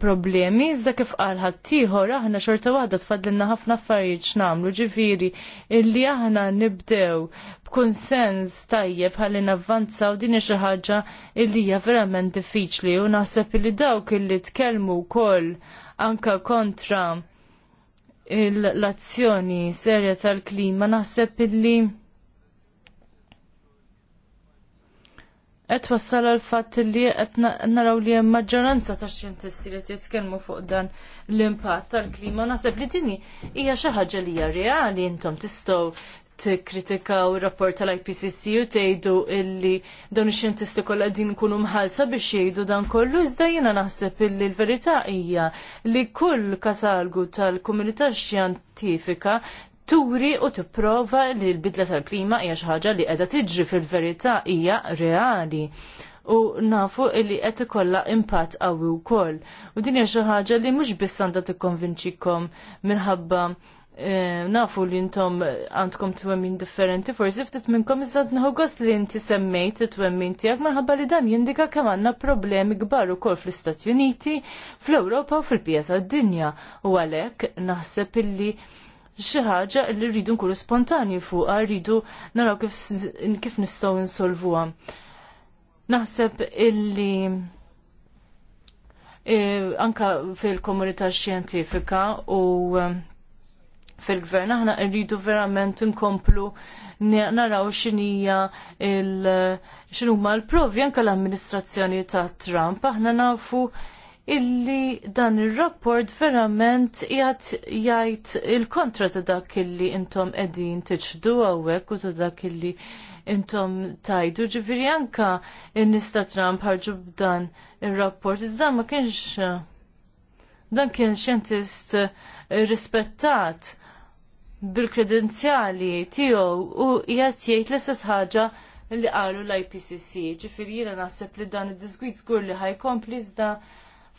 problemi, iżda kif qal ħaddieħor aħna xorta waħda tfadlilna ħafna affarijiet x'namlu, ġifieri illi aħna nibdew b'kunsens tajjeb ħalli navvanzaw din xi ħaġa illi hija verament diffiċli u naħseb illi dawk illi tkellmu wkoll anka kontra l-azzjoni serja tal-klima naħseb illi Et wassal għal fatt li qed naraw li hemm maġġoranza ta' xjentisti li jitkellmu fuq dan l-impatt tal-klima naħseb li dini hija xi ħaġa li hija reali intom tistgħu tikkritikaw ir-rapport tal-IPCC u tgħidu illi dawn ix-xjentisti kollha din kunu mħalsa biex jgħidu dan kollu iżda jiena naħseb illi l-verità hija li kull katalgu tal-komunità xjentifika turi u tipprova li l-bidla tal-klima hija xi ħaġa li qiegħda tiġri fil-verità hija reali u nafu li qed ikollha impatt qawwi wkoll. U din hija xi ħaġa li mhux biss għandha tikkonvinċikom minħabba eh, nafu li intom għandkom twemmin differenti, forsi ftit minnkom iżda nħogos li inti semmejt twemmin tijak, maħabba li dan jindika kemm għandna problemi kbar ukoll fl-Istati Uniti, fl-Ewropa u fil-pija tad-dinja. U għalhekk naħseb illi xi ħaġa li rridu nkunu spontanji fuqha, rridu naraw kif, kif nistgħu insolvuha. Naħseb illi e, anka fil-komunità xjentifika u e, fil-gvern aħna rridu verament nkomplu naraw x'inhija il- xinu ma l-provi anka l-amministrazzjoni ta' Trump, aħna nafu illi dan il-rapport verament jgħat jgħajt il-kontra ta' dak illi intom edin tiċdu għawek u ta' dak illi intom tajdu ġifiri anka nista Trump ħarġu b'dan il-rapport. Iżda ma kienx dan kien xjentist rispettat bil-kredenzjali tiegħu u jgħat jgħid l-istess ħaġa li qalu l-IPCC. Ġifiri jiena naħseb li dan id-diskwit żgur li ħajkompli iżda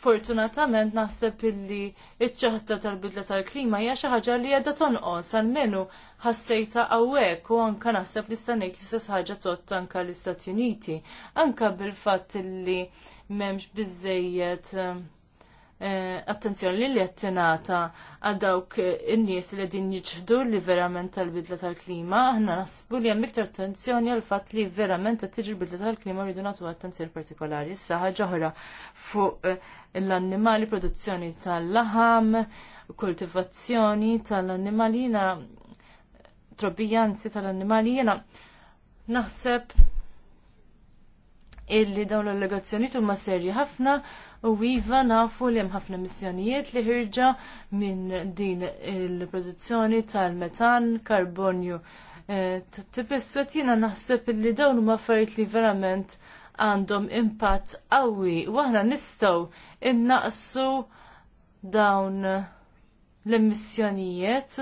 fortunatament naħseb illi iċ tal-bidla tal-klima hija xi ħaġa li qiegħda tonqos għalmenu ħassejta hawnhekk u anke naħseb li ngħid l-istess ħaġa tott anke l-Istati Uniti, anke bil-fatt illi m'hemmx biżejjed eh, attenzjoni li qed tingħata għal dawk in-nies li qegħdin jiġħdu li verament tal-bidla tal-klima, aħna naħsbu li hemm iktar attenzjoni għal fatt li verament qed tiġi l-bidla tal-klima rridu nagħtu attenzjoni partikolari. Issa ħaġa oħra fuq eh, l-annimali, produzzjoni tal-laħam, kultivazzjoni tal-annimali, jena trobbijanzi tal-annimali, jena naħseb illi dawn l-allegazzjoniet huma serji ħafna u iva nafu li hemm ħafna missjonijiet li ħirġa minn din il-produzzjoni tal-metan, karbonju. Eh, Tibes jiena naħseb illi dawn huma affarijiet li verament għandhom impatt qawwi u aħna nistgħu innaqsu dawn l-emissjonijiet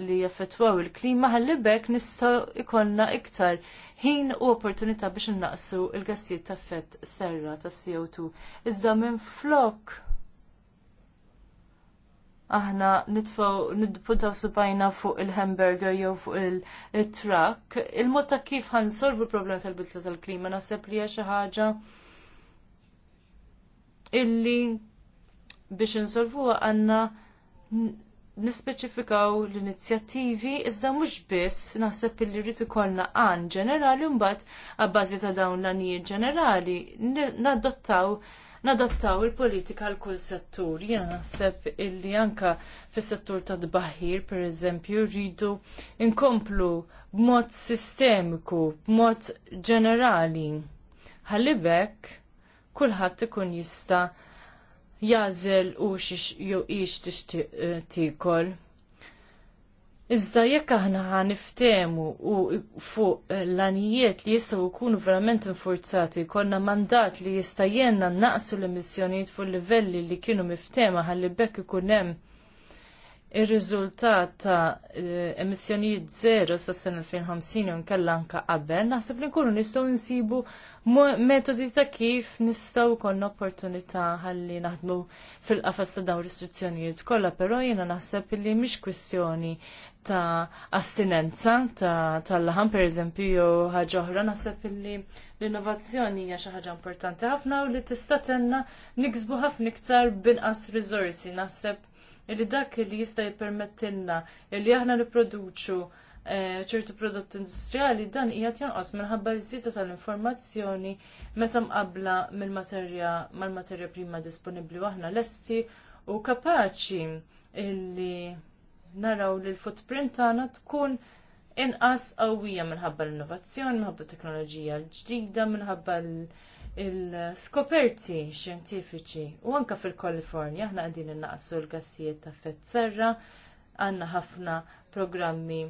li jaffettwaw il-klima ħallibek nistgħu ikollna iktar ħin u opportunità biex innaqsu il-gassijiet ta' effett serra ta' CO2. Iżda minn flok aħna nitfaw, nidpuntaw subajna fuq il-hamburger jew fuq il-truck, il-mod ta' kif ħansolvu problema tal-bitla tal-klima naħseb li hija xi ħaġa illi biex insolvuha għandna nispeċifikaw l-inizjattivi iżda mhux biss naħseb li rritu ikollna għan ġenerali mbagħad għabbażi ta' dawn l-għanijiet ġenerali nadottaw na nadattaw il-politika l kull settur. Jena naħseb illi anka fis-settur ta' dbaħir, per eżempju, rridu inkomplu b'mod sistemiku, b'mod ġenerali. Ħallibek kulħadd ikun jista' jażel u xiex jew ix tikol. Eh, Iżda jekk aħna ħan niftemu u fuq l-anijiet li jistgħu jkunu verament infurzati, konna mandat li jista' jenna naqsu l-emissjonijiet fuq livelli li kienu miftema ħalli bekk ikun hemm ir-riżultat ta' eh, emissjonijiet zero sa' sena 2050 u nkella anka qabel, naħseb li nkunu nistgħu nsibu metodi ta' kif nistgħu konna opportunità ħalli naħdmu fil-qafas ta' dawn restrizzjonijiet kolla, kollha, però jiena naħseb li mhix kwistjoni ta' astinenza ta' tal-laħan per eżempju jew ħaġa oħra naħseb illi l-innovazzjoni hija xi ħaġa importanti ħafna u li tista' tenna niksbu ħafna iktar binqas riżorsi naħseb li dak li jista' jippermettilna li aħna nipproduċu eh, ċertu prodotti industrijali dan hija jonqos minħabba l-żieda tal-informazzjoni meta mqabbla mill-materja mal-materja prima disponibbli aħna lesti u kapaċi illi naraw li l-footprint tagħna tkun inqas qawwija minħabba l-innovazzjoni, minħabba t-teknoloġija l-ġdida, minħabba l-skoperti xjentifiċi. U anke fil-Kalifornja aħna qegħdin innaqsu l-gassijiet ta' fett serra, għandna ħafna programmi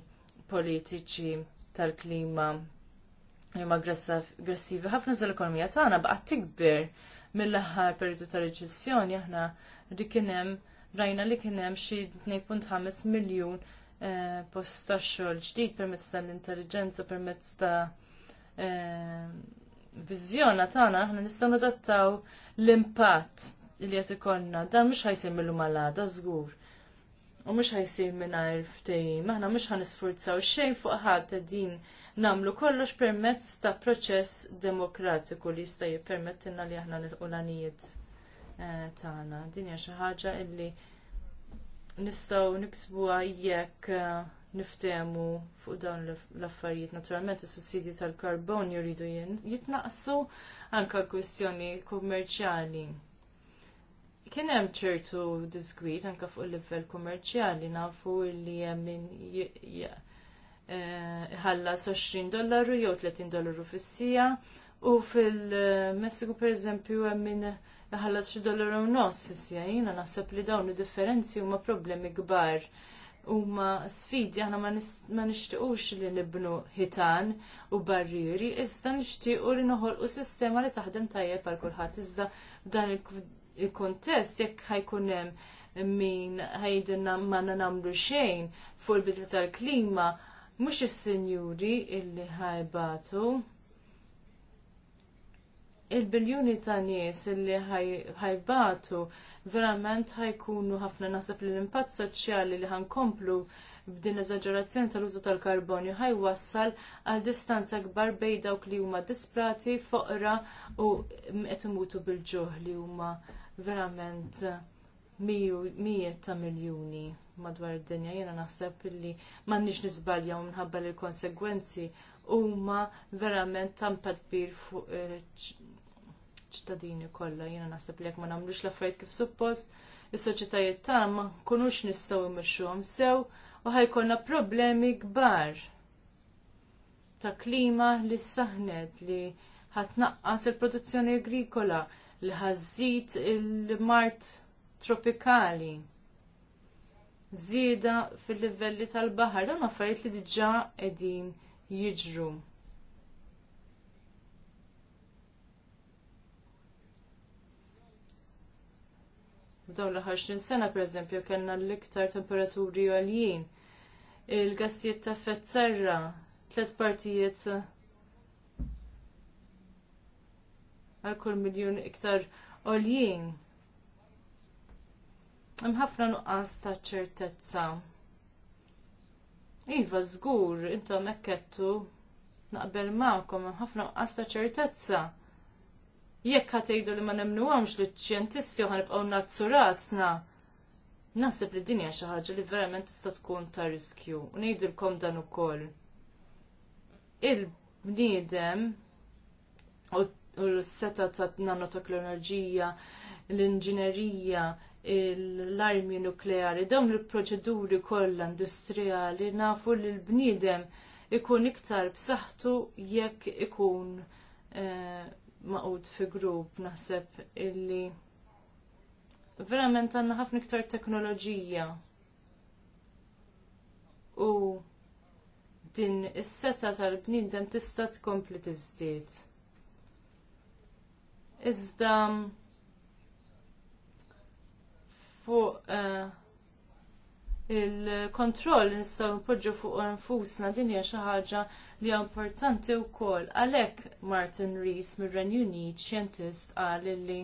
politiċi tal-klima li huma aggressivi ħafna l-ekonomija tagħna baqgħet tikber mill-aħħar periodu ta' reċessjoni aħna dik kien hemm rajna li kien hemm xi 2.5 miljun eh, post ta' xogħol ġdid permezz tal-intelligenza permezz ta' eh, viżjona tagħna aħna nistgħu nadattaw l-impatt li qed ikollna. Dan mhux ħajsir mill malada żgur. U mhux ħajsir mingħajr ftehim, aħna mhux ħanisfurzaw xejn fuq ħadd din nagħmlu kollox permezz ta' proċess demokratiku li jista' jippermettilna li aħna nilqu l-għanijiet Eh, tagħna. Din hija xi ħaġa li nistgħu niksbuha jekk eh, niftehmu fuq dawn l-affarijiet. Naturalment is-sussidji tal-karbon jridu jitnaqsu anke kwistjoni kummerċjali. Kien hemm ċertu diskwit anke fuq il-livell kummerċjali nafu li hemm min eh, ħallas 20 dollaru jew 30 dollaru fis-sija u fil-Messiku pereżempju hemm min iħallas xi dollaru nofs issija jiena naħseb li dawn id-differenzi huma problemi kbar huma sfidi aħna ma nixtiequx li nibnu ħitan u barrieri, iżda nixtiequ li noħolqu sistema li taħdem tajjeb għal kulħadd. Iżda f'dan il-kuntest jekk ħajkun hemm min ħajdinna ma nagħmlu xejn fuq il-bidla tal-klima mhux is-sinjuri illi ħajbatu il-biljuni ta' nies li ħajbatu verament ħajkunu ħafna nasab li l-impatt soċjali li ħankomplu b'din eżagġerazzjoni tal-użu tal-karbonju ħajwassal għal distanza kbar bejn dawk li huma disprati, foqra u qed imutu bil-ġuħ li huma verament mijiet ta' miljuni madwar id-dinja jiena naħseb li m'għandniex nisbaljaw minħabba li l-konsegwenzi huma verament tampat kbir fuq eh, ċittadini kollha jiena naħseb li jekk ma nagħmlux l-affarijiet kif suppost, is-soċjetajiet tagħna ma nkunux nistgħu immexxuhom sew u ħajkollna problemi kbar ta' klima li saħnet li ħatnaqqas il-produzzjoni agrikola li ħażid il-mart tropikali. Żieda fil-livelli tal-baħar, dawn affarijiet li diġà qegħdin jiġru. Dawn l-aħħar 20 sena pereżempju kellna l-iktar temperaturi għaljin. Il-gassijiet ta' effett serra, tliet partijiet għal kull miljun iktar għoljien. Hemm ħafna nuqqas ta' ċertezza. Iva, żgur, intom ekkettu naqbel ma'kom, hemm ħafna nuqqas ta' ċertezza jekk ħatejdu li ma nemnuhomx li ċjentisti u ħanibqgħu nazzu rasna. Nasib li dinja xi ħaġa li verament tista' tkun ta' riskju u ngħidilkom dan ukoll. Il-bniedem u l-seta ta' nanoteknoloġija, l-inġinerija, l-armi nukleari, dawn il-proċeduri kollha industrijali nafu li l-bniedem ikun iktar b'saħħtu jekk ikun eh, maqud fi grupp naħseb illi verament għandna ħafna iktar teknoloġija u din is-seta tal-bniedem tista' tkompli tiżdied. Iżda fuq uh, il-kontroll nistgħu npoġġu fuq nfusna din hija xi ħaġa li hija importanti wkoll. Għalhekk Martin Rees mir-Renju Unit xjentist qal li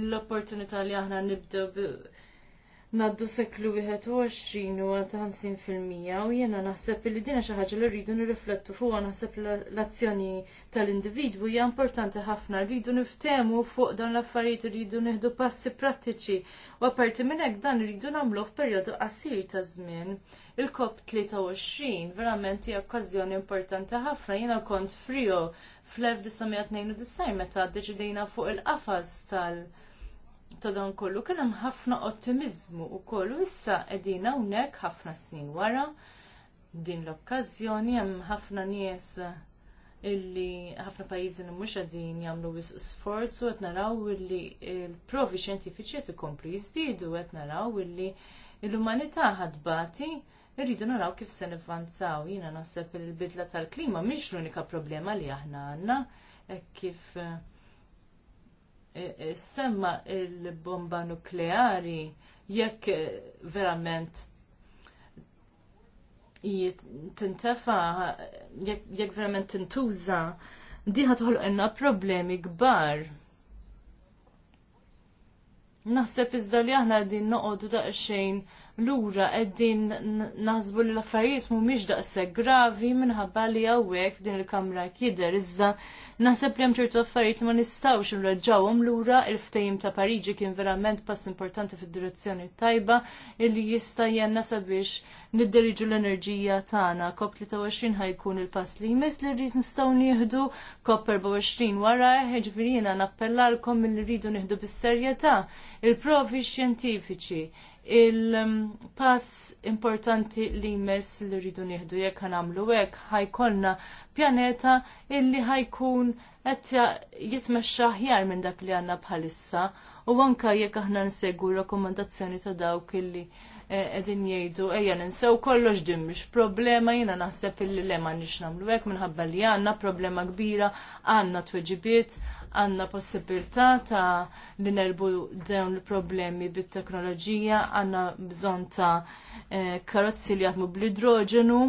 l-opportunità li aħna nibdew naddu seklu 21 u ta' 50% u jena naħseb li dina xi ħaġa li rridu nirriflettu fuq naħseb l-azzjoni tal-individwu hija importanti ħafna rridu niftemu fuq dan l-affarijiet rridu neħdu passi prattiċi u apparti minn hekk dan rridu nagħmlu f'perjodu qasir ta' żmien. Il-COP 23 verament hija okkażjoni importanti ħafna jiena kont frio fl-1992 meta deċidejna fuq il-qafas tal- ta' dan kollu kien hemm ħafna ottimiżmu wkoll issa qegħdin hawnhekk ħafna snin wara din l-okkażjoni hemm ħafna nies illi ħafna pajjiżi li mhux qegħdin jagħmlu sforz u qed naraw illi l-provi xjentifiċi qed ikomplu jiżdiedu qed naraw illi l-umanità ħadbati irridu naraw kif se nivvanzaw. Jiena naħseb il-bidla tal-klima mhix l-unika problema li aħna għandna kif E, e, semma il-bomba nukleari jekk verament tintefa jekk verament tintuża din ħatħolqilna problemi kbar. Naħseb iżda li aħna din noqogħdu daqsxejn lura għeddin naħsbu li l-affarijiet mhumiex daqshekk gravi minħabba li hawnhekk f'din il-kamra jidher iżda naħseb li hemm ċertu affarijiet ma nistgħux nraġġawhom lura il-ftehim ta' Pariġi kien verament pass importanti fid-direzzjoni tajba illi jista' jenna sabiex niddiriġu l-enerġija tagħna. COP 23 ħajkun il-pass li jmiss li rrid nistgħu nieħdu COP 24 wara, ġifieri jiena nappellalkom milli rridu nieħdu bis-serjetà il-provi xjentifiċi il-pass importanti li jmess li rridu nieħdu jekk nagħmlu hekk ħajkollna pjaneta illi ħajkun qed jitmexxa aħjar minn dak li għandna bħalissa u anke jekk aħna nsegwu rakkomandazzjoni ta' dawk illi eh, qegħdin jgħidu ejja ninsew kollox din mhix problema jiena naħseb illi le m'għandniex nagħmlu hekk minħabba li għandna problema kbira għandna tweġibiet għanna possibilità ta' li nerbu dawn il-problemi bit-teknoloġija, għanna bżon ta' eh, karozzi li jatmu bl-idroġenu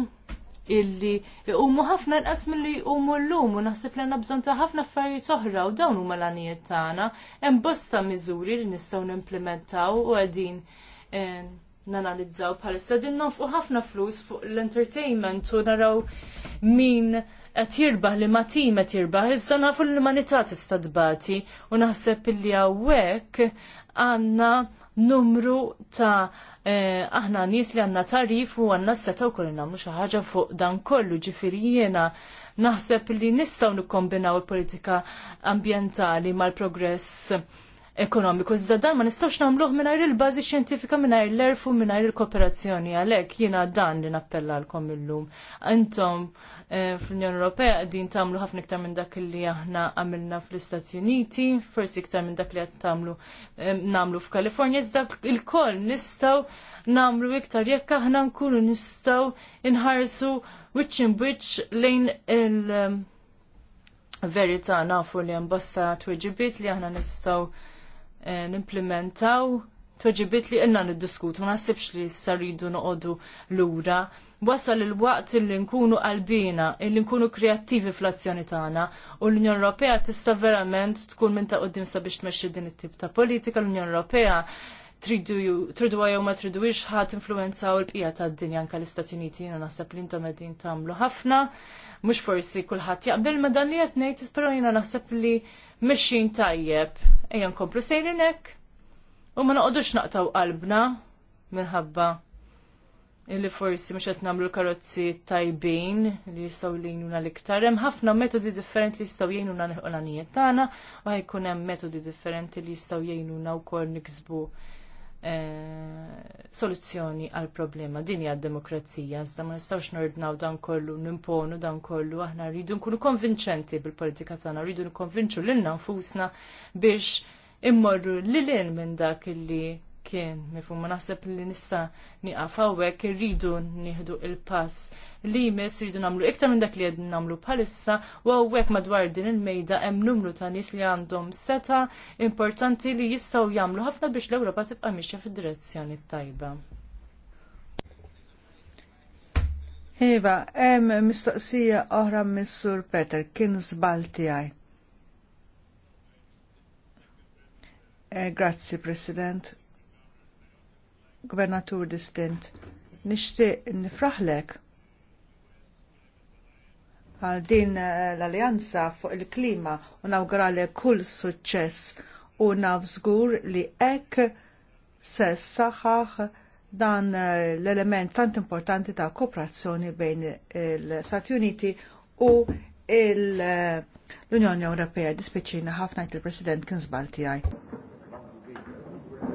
illi umu ħafna nqas milli umu l-lum u naħseb li għanna bżon ta' ħafna affarijiet oħra u dawn huma l-għanijiet tagħna hemm bosta miżuri li nistgħu nimplementaw u għadin eh, nanalizzaw bħalissa din nonfqu ħafna flus fuq l-entertainment u naraw min qed jirbaħ li ma tim qed jirbaħ, iżda nafu l-umanità tista' tbati u naħseb li hawnhekk għandna numru ta' eh, aħna nies li għandna tarif u għandna seta' wkoll nagħmlu xi ħaġa fuq dan kollu ġifieri jiena naħseb li nistgħu nikkombinaw il-politika ambjentali mal-progress ekonomiku. Iżda dan ma nistgħux nagħmluh mingħajr il-bażi xjentifika mingħajr l-erfu mingħajr il-kooperazzjoni għalhekk jiena dan li nappellalkom illum. Intom Eh, fl-Unjoni Ewropea qegħdin tagħmlu ħafna iktar minn dak li aħna għamilna fl-Istati Uniti, forsi iktar minn dak li qed tagħmlu eh, nagħmlu f'Kalifornja, iżda il-koll nistgħu nagħmlu iktar jekk aħna nkunu nistgħu inħarsu which in which lejn il- verità nafu li hemm bosta tweġibiet li aħna nistgħu eh, nimplementaw toġibit li inna niddiskutu, ma nasibx li issa noqodu noqogħdu lura. Wasal il-waqt li nkunu qalbina, li nkunu kreattivi fl-azzjoni tagħna u l-Unjoni Ewropea tista' verament tkun minn ta' qudiem sabiex tmexxi din it-tip ta' politika l-Unjoni Ewropea tridu jew ma tridux ħadd influenzaw l-bqija tad-dinja anke l-Istati Uniti jiena naħseb li intom qegħdin tagħmlu ħafna, mhux forsi kulħadd jaqbel ma dan li qed ngħid, però jiena naħseb li mixin tajjeb. Ejja nkomplu sejrin hekk. U ma noqodux naqtaw qalbna minħabba illi forsi mhux qed nagħmlu karozzi tajbin li jistgħu jgħinuna l-iktar. Hemm ħafna metodi differenti li jistgħu jgħinuna nilħu l-anijiet tagħna u ħajkun hemm metodi differenti li jistgħu jgħinuna wkoll niksbu eh, soluzzjoni għal problema din hija d-demokrazija, iżda ma nistgħux nordnaw dan kollu, nimponu dan kollu, aħna rridu nkunu konvinċenti bil-politika tagħna, rridu nikkonvinċu lilna nfusna biex immorru lilin minn dak illi kien mifhum ma naħseb li nista' nieqaf hawnhekk irridu nieħdu il-pass li jmiss rridu nagħmlu iktar minn dak li qed nagħmlu bħalissa u hawnhekk madwar din il-mejda hemm numru ta' nies li għandhom seta importanti li jistgħu jagħmlu ħafna biex l-Ewropa tibqa' mixja fid-direzzjoni tajba. Iva, hemm mistoqsija oħra mis-Sur Peter kien żball tiegħi Eh, grazzi, President. Gvernatur distint, nixtieq nifraħlek għal din eh, l-Alleanza fuq il-klima u nawgrali kull suċċess u naf li hekk se saħħaħ dan eh, l-element tant importanti ta' kooperazzjoni bejn il stati Uniti u l-Unjoni Ewropea. dispiċina ħafna il-President kien għaj.